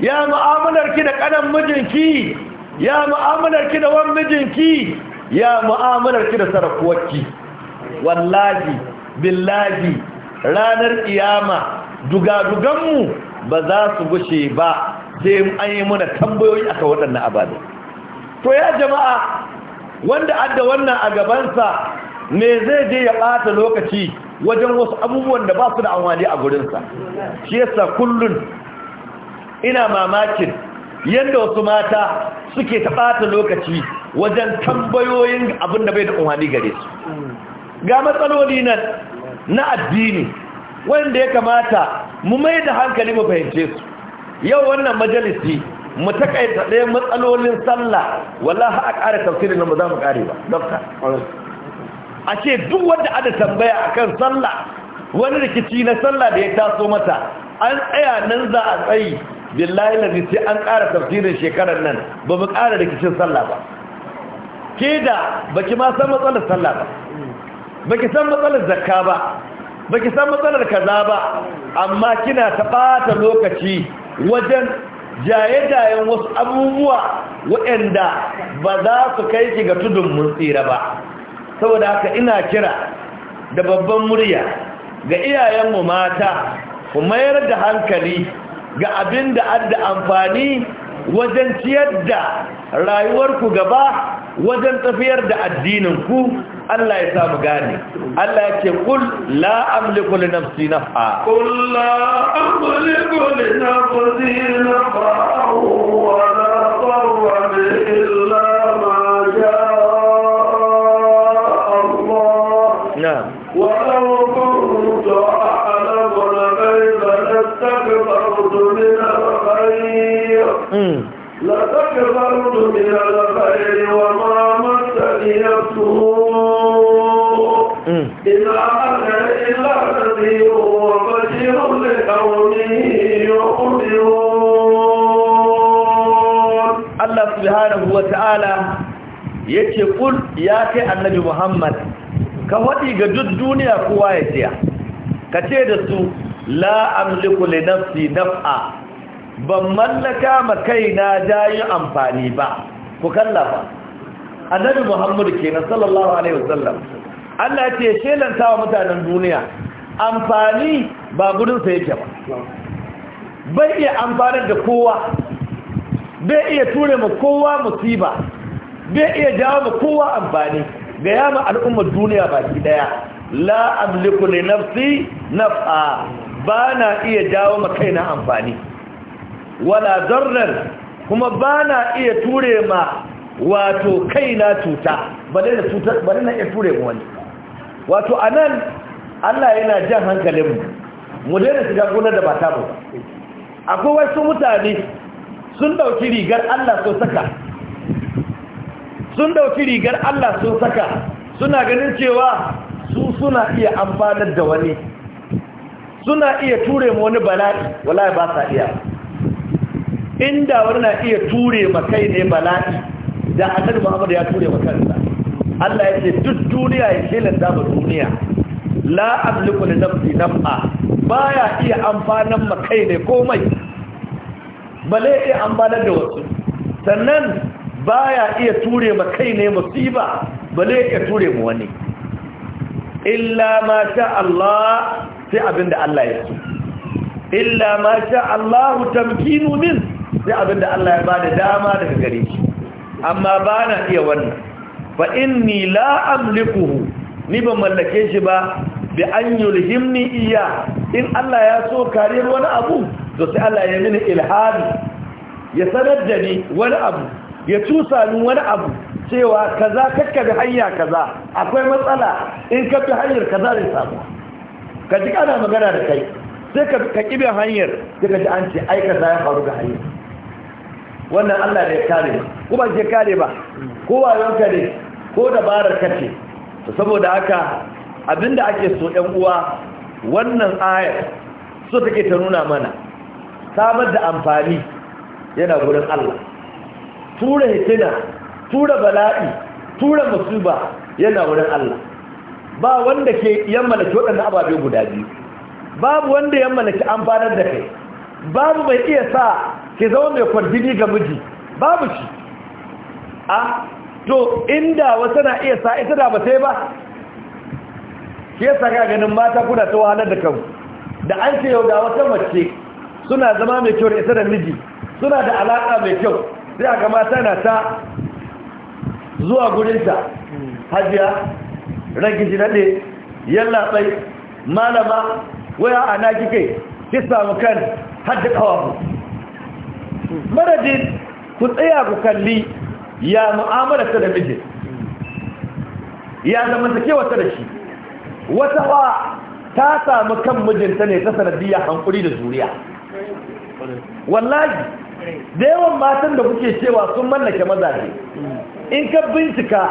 ya mu'amalar ki da kanan mijinki ya mu'amalar ki da wan mijinki ya mu'amalar ki da sarakuwarki wallahi billahi ranar kiyama dugaduganmu ba za su gushe ba sai an yi mana tambayoyi aka waɗannan abada. to ya jama'a wanda adda wannan a gabansa me zai je ya ɓata lokaci wajen wasu abubuwan da ba su da amwali a gurinsa shi yasa kullum ina mamakin yadda wasu mata suke ta ɓata lokaci wajen tambayoyin abin da bai da amwali gare su ga matsaloli nan na addini wanda ya kamata mu mai da hankali mu fahimce su yau wannan majalisi mu taƙaita ɗaya matsalolin sallah wallahi a ƙara tafsirin nan ba za mu ƙare ba a ce duk wanda ada tambaya akan sallah wani rikici na sallah da ya taso mata an tsaya nan za a tsayi billahi lazi sai an ƙara tafsirin shekarar nan ba mu ƙara rikicin sallah ba ke da baki ma san matsalar sallah ba baki san matsalar zakka ba baki san matsalar kaza ba amma kina ta ɓata lokaci wajen jaye-jayen wasu abubuwa waɗanda ba za su kai ki ga tudun mun tsira ba saboda haka ina kira da babban murya ga iyayenmu mata ku mayar da hankali ga abin da adda amfani wajen ciyar da rayuwarku gaba wajen tafiyar da addininku Allah ya samu gane Allah ya ce kul la amliku li nafsi naf'a kul la amliku li nafsi naf'a wa la darra كفرت من الخير وما مسني السوء إن أنا إلا نذير وبشير لقوم يؤمنون الله سبحانه وتعالى yake kul ya kai annabi Muhammad ka wadi ga duk duniya kowa ya tsaya ka ce da su la amliku li nafsi naf'a ban mallaka ma kaina jayin amfani ba ku kalla ba annabi muhammadu kenan sallallahu alaihi wasallam Allah ya ce shelanta wa mutanen duniya amfani ba gudun sa yake ba bai iya amfanar da kowa bai iya ture ma kowa musiba bai iya jawo ma kowa amfani ga ma al'ummar duniya baki daya la amliku li nafsi naf'a ba na iya jawo ma kaina amfani wala zarrar kuma ba na iya ture ma wato kaina cuta bari na iya ture ma wani wato a nan allah yana jan hankalinmu mu daina shiga gonar da ba ta ba akwai wasu mutane sun dauki rigar allah sun saka sun dauki rigar allah sun saka suna ganin cewa su suna iya amfanar da wani suna iya ture ma wani bala'i wallahi ba sa iya inda wani na iya ture makai ne bala'i da annabi Muhammad ya ture makansa Allah ya ce duk duniya ya kelan da ba duniya la amliku li nafsi naf'a ya iya amfanan makai ne komai bale iya amfanar da wasu sannan ba ya iya ture makai ne musiba bale iya ture mu wani illa ma sha Allah sai abinda Allah ya ce. illa ma sha Allah tamkinu min sai abinda Allah ya bada dama daga gare shi amma ba na iya wannan fa inni la amlikuhu ni ban mallake shi ba bi an yulhimni iya in Allah ya so kariyar wani abu to sai Allah ya mini ilhami ya sanar da ni wani abu ya tusa ni wani abu cewa kaza kakka bi hanya kaza akwai matsala in ka bi hanyar kaza zai samu ka ji magana da kai sai ka kibe hanyar sai ka ji an ce ai kaza ya faru ga hanyar wannan Allah da ya kare ba ke kare ba ko wayonka ne ko dabarar kace. saboda haka abinda ake so ɗan uwa wannan ayar so take ta nuna mana samar da amfani yana gurin Allah tura hikima tura bala'i tura musiba yana wurin Allah ba wanda ke yan malaki ababe guda biyu babu wanda yan malaki amfanar da kai babu mai iya sa ki zama mai kwarjini ga miji babu shi a to inda wata na iya sa ita da ba sai ba ke saka ganin mata kuna ta wahalar da kan da an ce yau da wata mace suna zama mai kyau da ita da miji suna da alaƙa mai kyau sai a mata na ta zuwa gurinta hajiya ranki shi daɗe yalla tsaye malama waya a naki kai ki samu kan hadda ƙawafu maradin ku tsaya ku kalli ya mu'amala ta da mijin ya zamantakewa ta da shi wata ba ta samu kan mijinta ne ta sanadiyya hankuri da zuriya wallahi da yawan matan da kuke cewa sun mallake mazaje in ka bincika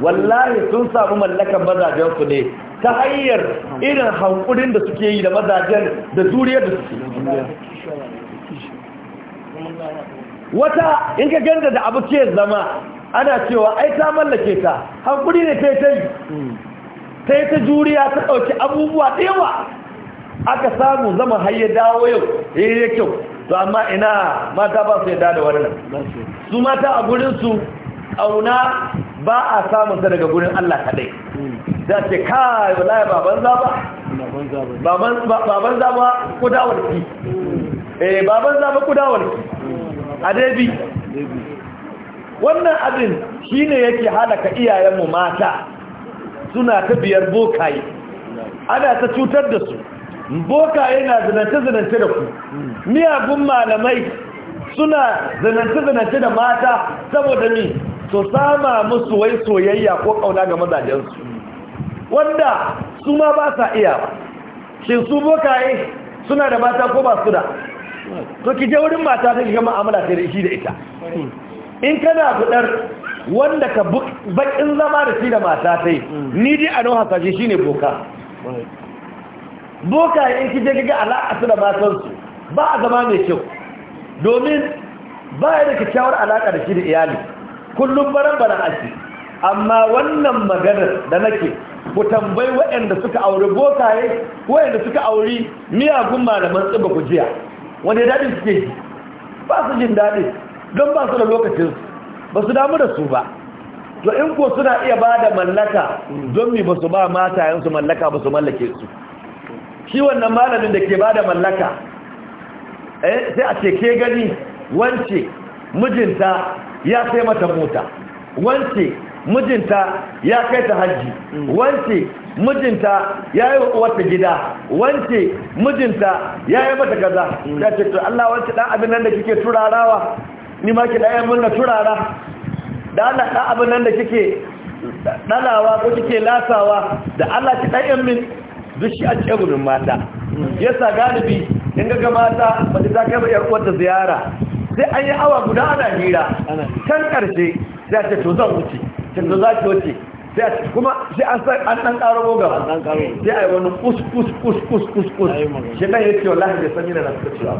wallahi sun samu mallakan mazajensu ne ta hanyar irin hankulin da suke yi da mazajen da zuriyar da suke wata in ka ganda da abu ce zama ana cewa ai ta mallake ta hankuri ne ta yi ta yi ta juriya ta ɗauki abubuwa ɗewa aka samu zama har ya dawo yau ya yi kyau to amma ina mata ba su yadda da wannan su mata a gurinsu ƙauna ba a samunsa daga gurin Allah kaɗai za ce kai wallahi baban za ba baban za ba kudawarki eh baban za ba kudawarki adabi wannan abin shi ne yake halaka iyayenmu mata suna ta biyar bokaye ana ta cutar da su bokaye na zinance-zinance da ku miyagun malamai suna zinance-zinance da mata saboda ni su sama musu wai soyayya ko kauna ga mazajensu wanda su ma ba sa iya ba shi su bokaye suna da mata ko ba su da to ki je wurin mata ta ga mu'amala sai da shi da ita in kana fudar wanda ka bakin zama da shi da mata ta yi ni dai a nan shi shine boka boka in ki je kaga alaƙa su da su ba a zama mai kyau domin ba ya da kyakkyawar alaƙa da shi da iyali kullum baran baran ake amma wannan maganar da nake ku tambayi waɗanda suka auri bokaye waɗanda suka auri miyagun malaman tsiba ku jiya wani daɗin suke ji ba su jin daɗi don ba su da lokacin ba su damu da su ba to in ko suna iya ba da mallaka don mi ba su ba matayensu mallaka ba su mallake su shi wannan malamin da ke ba da mallaka eh, sai a ce ke gani wance mijinta ya sai mata mota wance mijinta ya kai ta hajji wance mijinta ya yi wata gida wance mijinta ya yi mata gaza mm. ya ce to Allah wance dan abin nan da kike turarawa ni ma ki ɗaya mun na turara da dan abin nan da kike dalawa ko kike lasawa da Allah ki ɗayan min duk shi a gudun mata mm. yasa galibi in ga mata ba ta kai ba yar uwarta ziyara sai an yi awa guda ana hira kan karshe sai ta to zan wuce ta to za ki wuce kuma sai an san an dan karo goga an dan karo sai ai wani kus kus kus kus kus kus shi dan yace wallahi bai san yana da cewa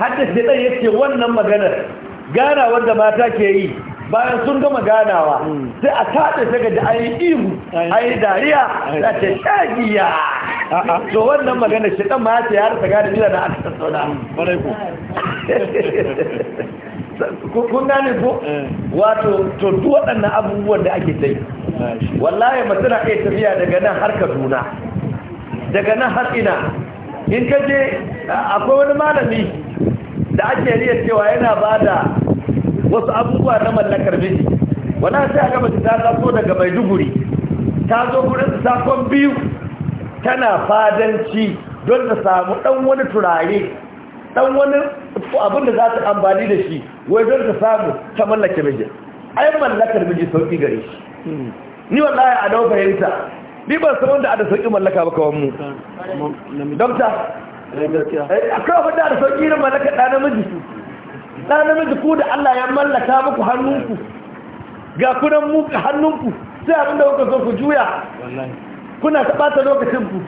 hadda sai dai yace wannan magana gana wanda mata ke yi bayan sun gama ganawa hmm. sai a tada ta gaji a ihu a dariya da ta shagiya to wannan magana shi dan ma ya ce ya rasa gane jira na aka tattauna hmm. kun gane ko wato to duk waɗannan abubuwan da ake dai wallahi matsala kai tafiya daga nan har Kaduna daga nan har ina in kaje je akwai wani malami da ake riya cewa yana bada wasu abubuwa na mallakar miji wannan sai aka mace ta zo daga Maiduguri ta zo gurin sakon biyu tana fadanci don ta samu dan wani turare dan wani abin da za ta amfani da shi wai don ta samu ta mallake miji ai mallakar miji sauki gare shi ni wallahi a dauka fahimta ni ban san wanda ada sauki mallaka ba kawan mu dokta a kawo da sauki na mallaka ɗa namiji ɗa namiji ku da Allah ya mallaka muku hannunku ga kunan mu hannunku sai abin da kuka so ku juya kuna ta lokacin lokacinku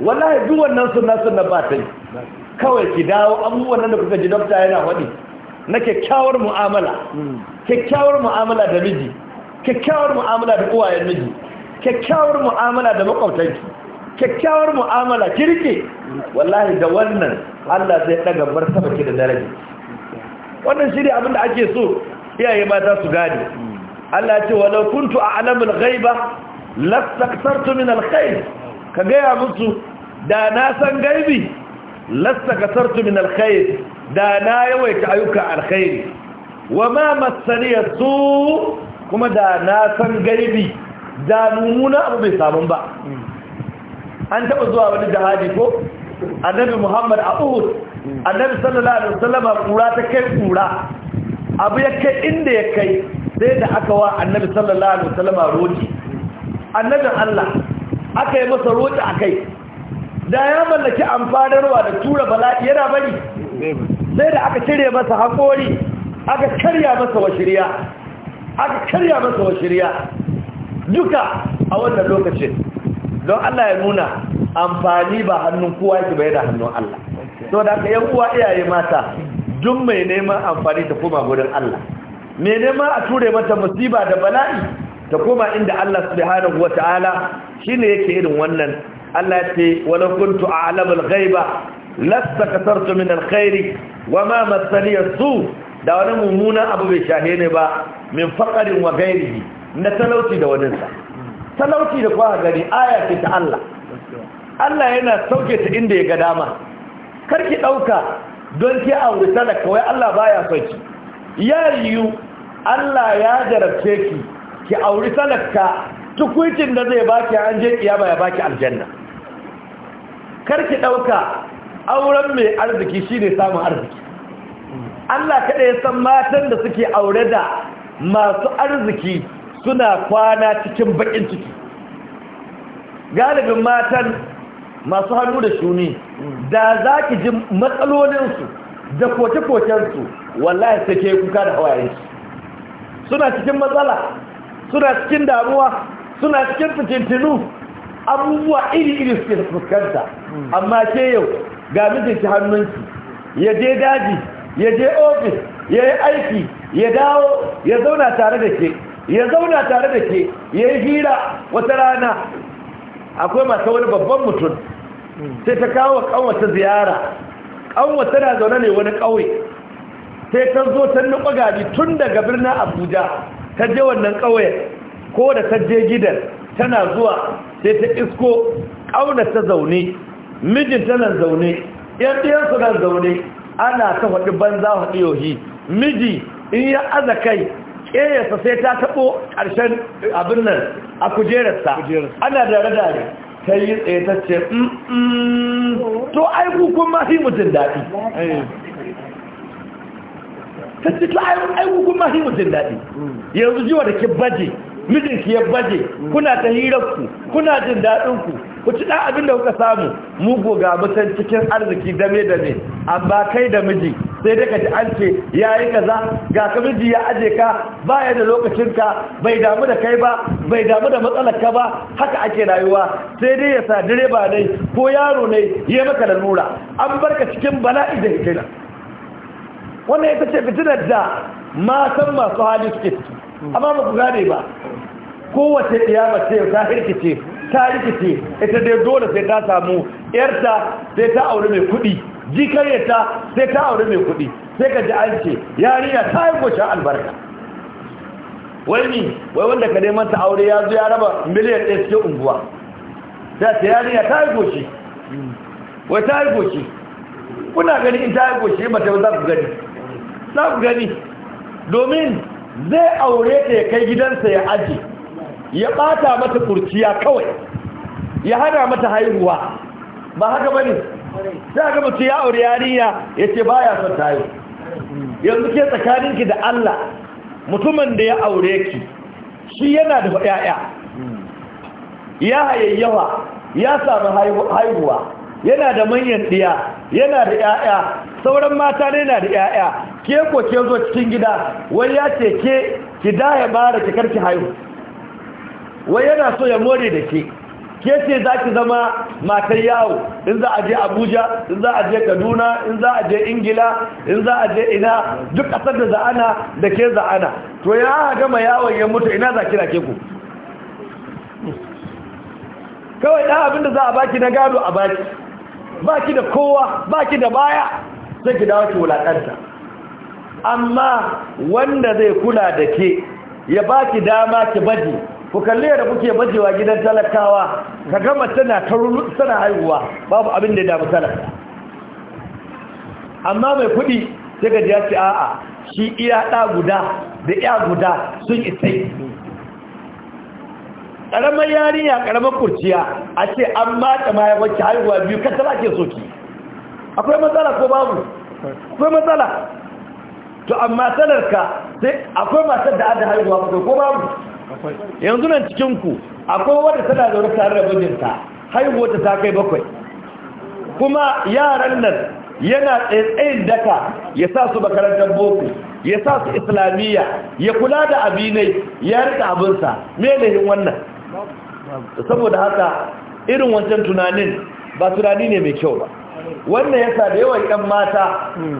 wallahi duk wannan sunna sunna ba ta yi kawai ki dawo abubuwan nan da kuka ji dokta yana faɗi na kyakkyawar mu'amala hmm. kyakkyawar mu'amala da miji kyakkyawar mu'amala da uwayen miji kyakkyawar mu'amala da makwabtanki kyakkyawar mu'amala kirki hmm. wallahi da wannan Allah zai daga martaba ki da daraja wannan shi ne abinda ake so iyaye mata su gane hmm. Allah ya ce walau kuntu a'lamul ghaiba lastaktartu min alkhair ka gaya musu da na san gaibi lasta kasartu min alkhair da na yawaita ayyuka alkhairi wa ma masani su kuma da na san gaibi da mummuna abu bai samu ba an taba zuwa wani jihadi ko annabi muhammad a uhud annabi sallallahu alaihi wasallama kura ta kai kura abu ya kai inda ya kai sai da aka wa annabi sallallahu alaihi wasallama roki annabi allah aka yi masa roki akai da ya mallaki amfanarwa da tura bala'i yana bari sai da aka cire masa haƙori aka karya masa washiriya aka karya masa washiriya duka a wannan lokacin don Allah ya nuna amfani ba hannun kowa yake bai da hannun Allah to da aka yan uwa iyaye mata duk mai neman amfani ta koma gurin Allah mai neman a ture mata musiba da bala'i ta koma inda Allah subhanahu wataala shine yake irin wannan Allah ce wani kuntu a'lamul ghaiba lastakasartu min alkhairi ma masani su da wani mummunan abu bai shahe ne ba min faƙarin wa ghairihi na talauci da wani sa talauci da kwa gari aya ce ta Allah Allah yana sauke ta inda ya ga dama karki ɗauka don ki auri talaka wai Allah baya son ki ya yiwu Allah ya jarabce ki ki auri talakka tukuncin da zai baki an je kiyama ya baki aljanna karki ɗauka auren mai arziki shi ne samun arziki Allah kaɗai ya san matan da suke aure da masu arziki suna kwana cikin bakin ciki galibin matan masu hannu da shuni da za ki ji matsalolinsu da koke-kokensu wallahi sai ke kuka da hawayensu suna cikin matsala suna cikin damuwa suna cikin fitintinu abubuwa iri-iri suke fuskanta amma ke yau ga mijinki hannunki ya je daji ya je ofis ya yi aiki ya dawo ya zauna tare da ke ya zauna tare da ke ya yi hira wata rana akwai masu wani babban mutum sai ta kawo kanwata ziyara kanwata na zaune ne wani ƙauye sai ta zo ta nuɓa gari tun daga birnin abuja ta je wannan ƙauyen ko da ta je gidan tana zuwa sai ta isko ƙauna ta zaune mijin nan zaune yan ɗiyansu nan zaune ana ta faɗi banza faɗi yohi miji in ya aza kai ƙeyarsa sai ta taɓo ƙarshen abin nan a kujerarsa ana da radari ta yi tsaye ta ce mm, mm. to ai kukun ma fi mutum daɗi eh. ce ta daɗi yanzu jiwa da ke baje mijinki ya baje kuna ta hirarku kuna jin daɗinku ku ci ɗan abin da kuka samu mu goga mutan cikin arziki dame dame amma kai da miji sai daga ji an ce ya yi kaza ga ka miji ya aje ka baya da lokacinka bai damu da kai ba bai damu da matsalarka ba haka ake rayuwa sai dai ya sa direba ne ko yaro ne ya maka da nura an barka cikin bala'i da hikima wannan ita ce fitinar da matan masu hali suke ciki amma ba ku gane ba kowace ɗiyama ce ta hirkice ta rikice ita dai dole sai ta samu yarta sai ta aure mai kuɗi jikareta sai ta aure mai kuɗi sai ka ji an ce yariya ta yi goshen albarka wai ni wai wanda ka neman ta aure ya zo ya raba miliyan ɗaya cikin unguwa da ta yarinya ta yi goshi wai ta yi goshi kuna gani in ta yi goshi ba ta za ku gani za gani domin zai aure ta ya kai gidansa ya aji ya ɓata mata kurciya kawai ya hana mata haihuwa ba haka ba ne sai haka mutu ya aure yariya ya ce ba ya son ta yanzu ke tsakaninki da Allah mutumin da ya aure ki shi yana da 'ya'ya ya hayayyawa ya sami haihuwa yana da manyan ɗiya yana da ƴaƴa sauran mata ne na da ƴaƴa ke ko ke zo cikin gida wai ya ce ke ki daya bara ki karki haihu wai yana so ya more da ke ke ce za ki zama matar yawo in za a je abuja in za a je kaduna in za a je ingila in za a je ina duk ƙasar da za'ana da ke za'ana to ya gama yawon ya mutu ina za kira ke kawai ɗan abinda za a baki na gado a baki baki da kowa baki da baya sai ki dawo ki wulakanta amma wanda zai kula da ke ya baki dama ki baje ku kalle da kuke bajewa gidan talakawa ka gama tana tarun tana haihuwa babu abin da ya damu talaka amma mai kuɗi sai ga ji a'a shi iya da guda da iya guda sun isai karamar yarinya karamar kurciya a ce an mata ma ya wacce haihuwa biyu kasar ake soki akwai matsala ko babu akwai matsala to amma sanarka sai akwai matar da adda haihuwa ko babu yanzu nan cikinku akwai wadda tana zaune tare da mijinta haihuwa ta ta kai bakwai kuma yaran nan yana tsaitsayin daka ya sa su makarantar boko ya sa su islamiyya ya kula da abinai ya rika abinsa melehin wannan saboda haka irin wancan tunanin ba tunani ne mai kyau ba wannan yasa da yawan 'yan mata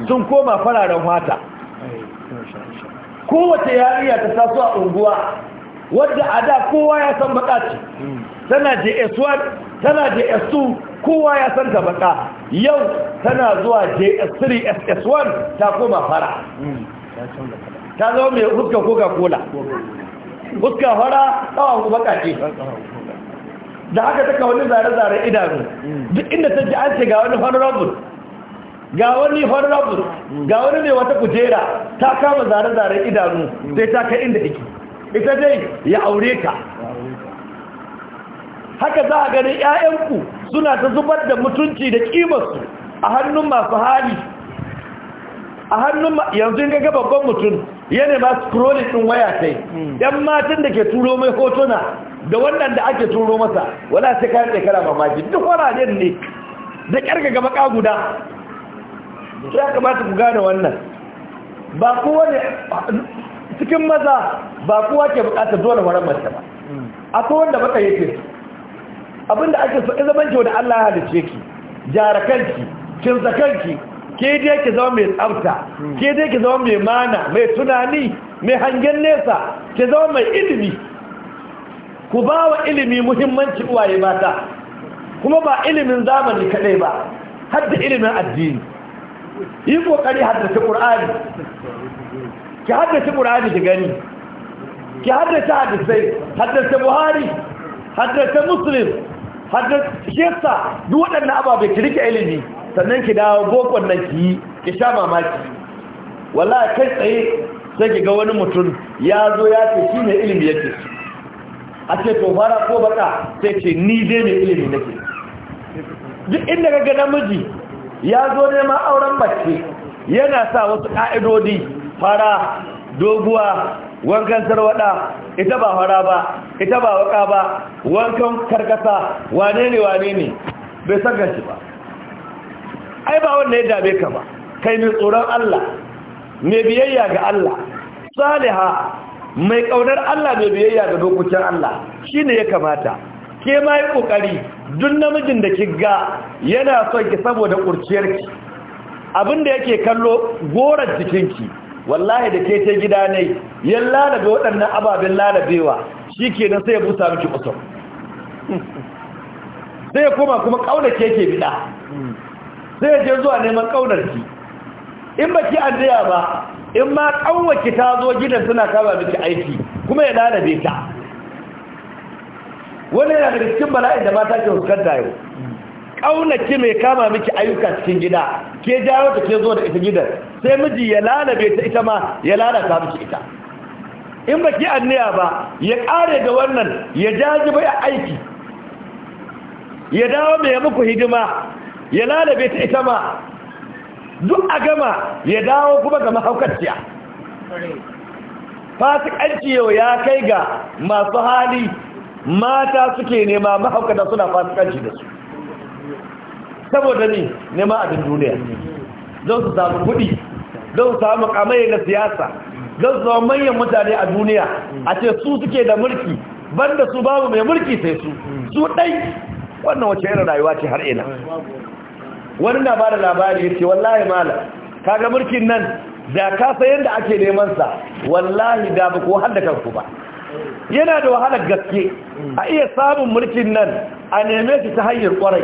sun koma fararen fata kowace yariya ta taso a unguwa wadda a da kowa ya san baka ce tana js1 tana js2 kowa ya san ta baka yau tana zuwa js3 ss1 ta koma fara ta zama mai ruska coca-cola fuska fara tsawon baka ce da haka taka wani zare-zare idanu duk inda ta ji an ce ga wani honorable ga wani honorable ga wani ne wata kujera ta kama zare-zare idanu sai ta kai inda yake ita dai ya aure ka haka za a gani 'ya'yanku suna ta zubar da mutunci da kimarsu a hannun masu hali a hannun yanzu ga babban mutum yana su scrolling din waya sai hmm. yan matan da ke turo mai hotuna da wannan da ake turo masa wala sai kayan ma mamaki duk wuraren ne da kyarga gaba ka guda ya kamata ku gane wannan ba kowa ne cikin maza ba kowa ke bukatar dole waran mace ba hmm. akwai wanda baka yake abinda ake so in zaman kyau da Allah ya halice ki jarakanki kin zakanki ke dai ki zama mai tsafta ke dai ki zama mai mana mai tunani mai hangen nesa ki zama mai ilimi ku ba wa ilimi muhimmanci uwaye mata kuma ba ilimin zamani kaɗai ba har da ilimin addini yi kokari haddace ƙur'ani ki haddace ƙur'ani ki gani ki haddace hadisai haddace buhari haddace muslim haddace shesa duk waɗannan ababai ki rike ilimi sannan ki dawo gokon nan ki ki sha mamaki wallahi kai tsaye sai ki ga wani mutum ya zo ya ce shi ne ilimi yake a ce to fara ko baka sai ce ni dai ne ilimi nake duk inda ka ga namiji ya zo neman auren mace yana sa wasu ƙa'idodi fara doguwa wankan sarwada ita ba fara ba ita ba waka ba wankan karkasa wane ne wane ne bai san ganci ba ai ba wanda ya dabe ka ba kai mai tsoron Allah mai biyayya ga Allah saliha mai kaunar Allah mai biyayya ga dokokin Allah shine ya kamata ke ma yi kokari duk namijin da ga yana son ki saboda ki. abinda yake kallo gorar ki, wallahi da ke ta gida ne yan lalabe waɗannan ababen lalabewa shi ke sai ya busa miki kusur sai kuma kuma ƙaunar ke ke bida sai je zuwa neman ƙaunarki in ba ki addiya ba in ma ƙanwaki ta zo gidan suna kama miki aiki kuma ya lalabe ta wani yana da cikin bala'i da mata ke huskanta yau ki mai kama miki ayyuka cikin gida ke jawo ta ke zo da ita gidan sai miji ya lalabe ta ita ma ya lalata miki ita in ba ki anniya ba ya ƙare da wannan ya jaji bai aiki ya dawo mai muku hidima ya lalabe ta ita ma duk a gama ya dawo kuma ga mahaukaciya fasikanci yau ya kai ga masu hali mata suke nema mahaukata suna fasikanci da su saboda ne nema abin duniya don su samu kudi don su samu kamaye na siyasa don su zama manyan mutane a duniya a ce su suke da mulki banda su babu mai mulki sai su su ɗai wannan wace yana rayuwa ce har ina wani na bada labari ya ce wallahi mala kaga mulkin nan da ka sayan da ake neman sa wallahi da ba ko har da kanku ba yana da wahalar gaske a iya samun mulkin nan a neme shi ta hanyar kwarai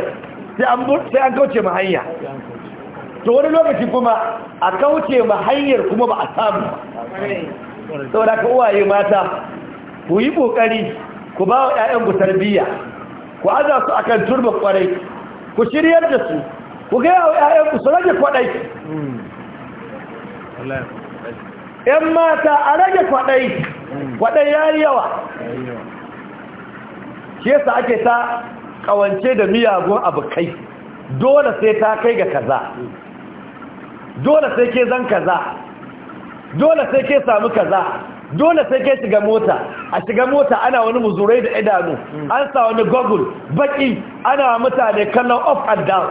sai an sai an kauce ma hanya to wani lokaci kuma a kauce ma hanyar kuma ba a samu da ka uwaye mata ku yi kokari ku ba wa 'ya'yanku tarbiyya ku aza su akan turba kwarai ku shiryar da su ku gaya wa ‘ya'yanku su rage kwaɗai ‘yan mata a rage kwaɗai kwaɗai ya yi yawa shi yasa ake ta ƙawance da miyagun abokai dole sai ta kai ga kaza dole sai ke zan kaza dole sai ke samu kaza dole sai ke shiga mota a shiga mota ana wani muzurai da idanu an sa wani goggle baki ana mutane kallon up and down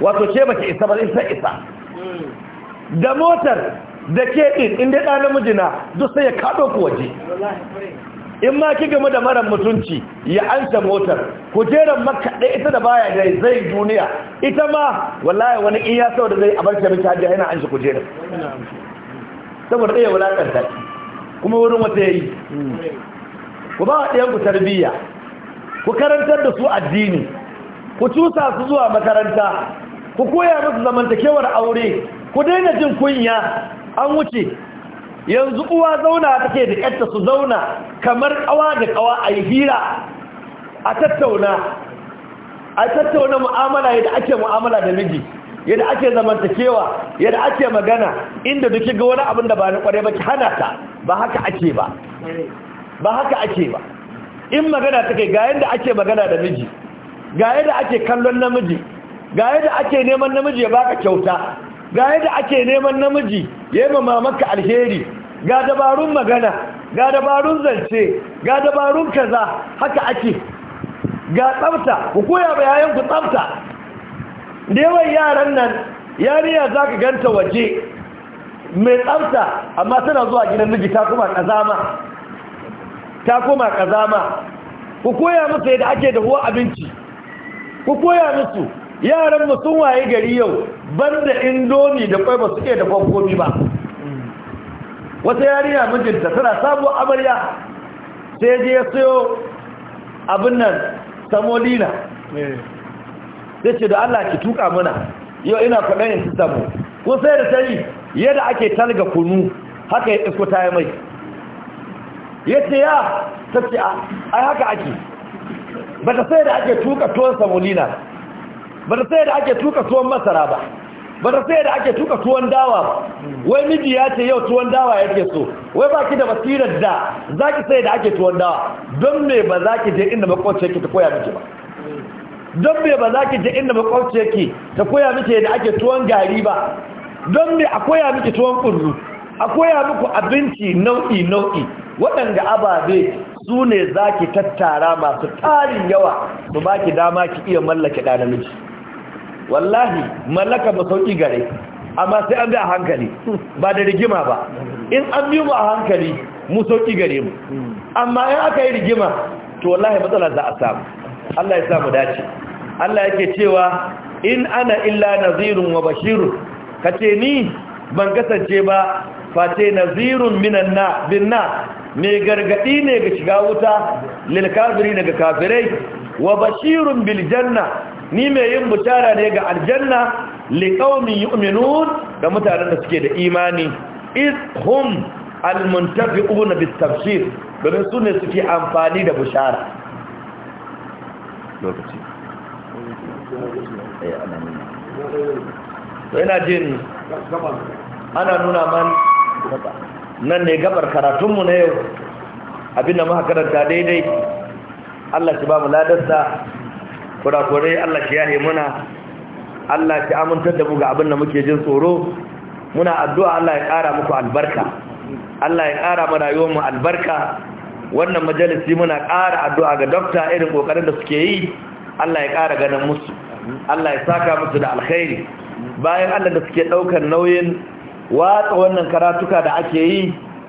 wato ce ke baki isa ba isa isa da motar da ke din inda namiji na duk sai ya kaɗo ku waje in ma ki game da mara mutunci ya ansa motar kujerar makka ɗaya ita da baya da zai duniya ita ma wallahi wani in ya sau da zai abarce miki hajji yana ansa kujerar saboda ɗaya wulaƙanta kuma wurin wata yayi ku ba ɗayan ku tarbiyya ku karantar da su addini ku cusa su zuwa makaranta ku koya musu zamantakewar aure ku daina jin kunya an wuce yanzu uwa zauna take da yarta su zauna kamar kawa da kawa a yi hira a tattauna a tattauna mu'amala yadda ake mu'amala da miji yadda ake zamantakewa yadda ake magana inda duke ga wani abin da ba na kware ba ki hana ta ba haka ake ba ba haka ake ba in magana take ga yadda ake magana da miji ga yadda ake kallon namiji ga yadda ake neman namiji ya baka kyauta ga yadda ake neman namiji ya yi mamaka alheri ga dabarun magana ga dabarun zance ga dabarun kaza haka ake ga tsafta ku koya bayan ku tsafta da yawan yaran nan yariya za ka ganta waje mai tsafta amma tana zuwa gidan miji ta kuma kazama ta kuma kazama ku koya musu yadda ake da huwa abinci ku koya musu yaran mu sun waye gari yau banda indomi da kwai ba su da dafa komi ba wata yariya mijinta tana samu amarya sai je ya sayo abin nan samolina eh. sai ce da Allah ki tuka mana yau ina kwaɗa yin samu ko sai da sai yadda ake talga kunu haka ya isko ta mai ya ce ya ta ce ai haka ake ba ta sai da ake tuka tuwon samolina ba ta sai da ake tuka tuwon masara ba ba ta sai da ake tuka tuwon dawa ba wai miji ya ce yau tuwon dawa yake so wai ba ki da basirar da za ki sai da ake tuwon dawa don me ba za ki je inda makwacce ki ta koya miki ba don me ba za ki je inda makwacce ki ta koya miki da ake tuwon gari ba don me a koya miki tuwon kullu a koya muku abinci nau'i nau'i waɗanda ababe su ne za ki tattara masu tarin yawa su ba ki dama ki iya mallake ɗa namiji wallahi mallaka ba sauki gare amma sai an bi a hankali ba da rigima ba in an bi a hankali mu sauki gare mu amma in aka yi rigima to wallahi matsala za a samu Allah ya samu dace Allah yake cewa in ana illa nazirun wa bashirun kace ni ban kasance ba face nazirun minan na binna mai gargadi ne ga shiga wuta lil kafiri daga kafirai wa bashirun bil janna ni mai yin bishara ne ga aljanna liqaumin yu'minun da mutanen da suke da imani is hum almuntafiquna bitafsir domin su ne suke amfani da bishara lokaci eh ana to ina jin ana nuna man nan ne gabar karatunmu na yau abinda muka karanta daidai Allah shi ba mu ladarsa kurakurai Allah shi yahe muna Allah shi amintar da mu ga abin da muke jin tsoro muna addu'a Allah ya ƙara muku albarka Allah ya ƙara mu rayuwar mu albarka wannan majalisi muna ƙara addu'a ga dokta irin ƙoƙarin da suke yi Allah ya ƙara ganin musu Allah ya saka musu da alkhairi bayan Allah da suke ɗaukar nauyin watsa wannan karatuka da ake yi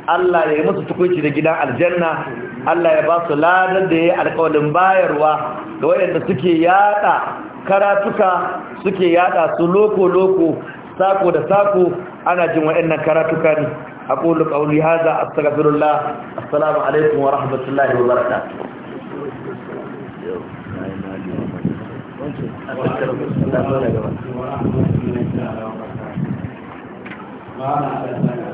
Allah ya yi musu tukunci da gidan aljanna Allah ya ba su ladar da ya alkawalin bayarwa da waɗanda suke yada karatuka suke yada su loko-loko sako da sako ana jin waɗannan karatuka ne a ƙolu ƙauli haza astagfirullah assalamu alaikum wa rahmatullahi wa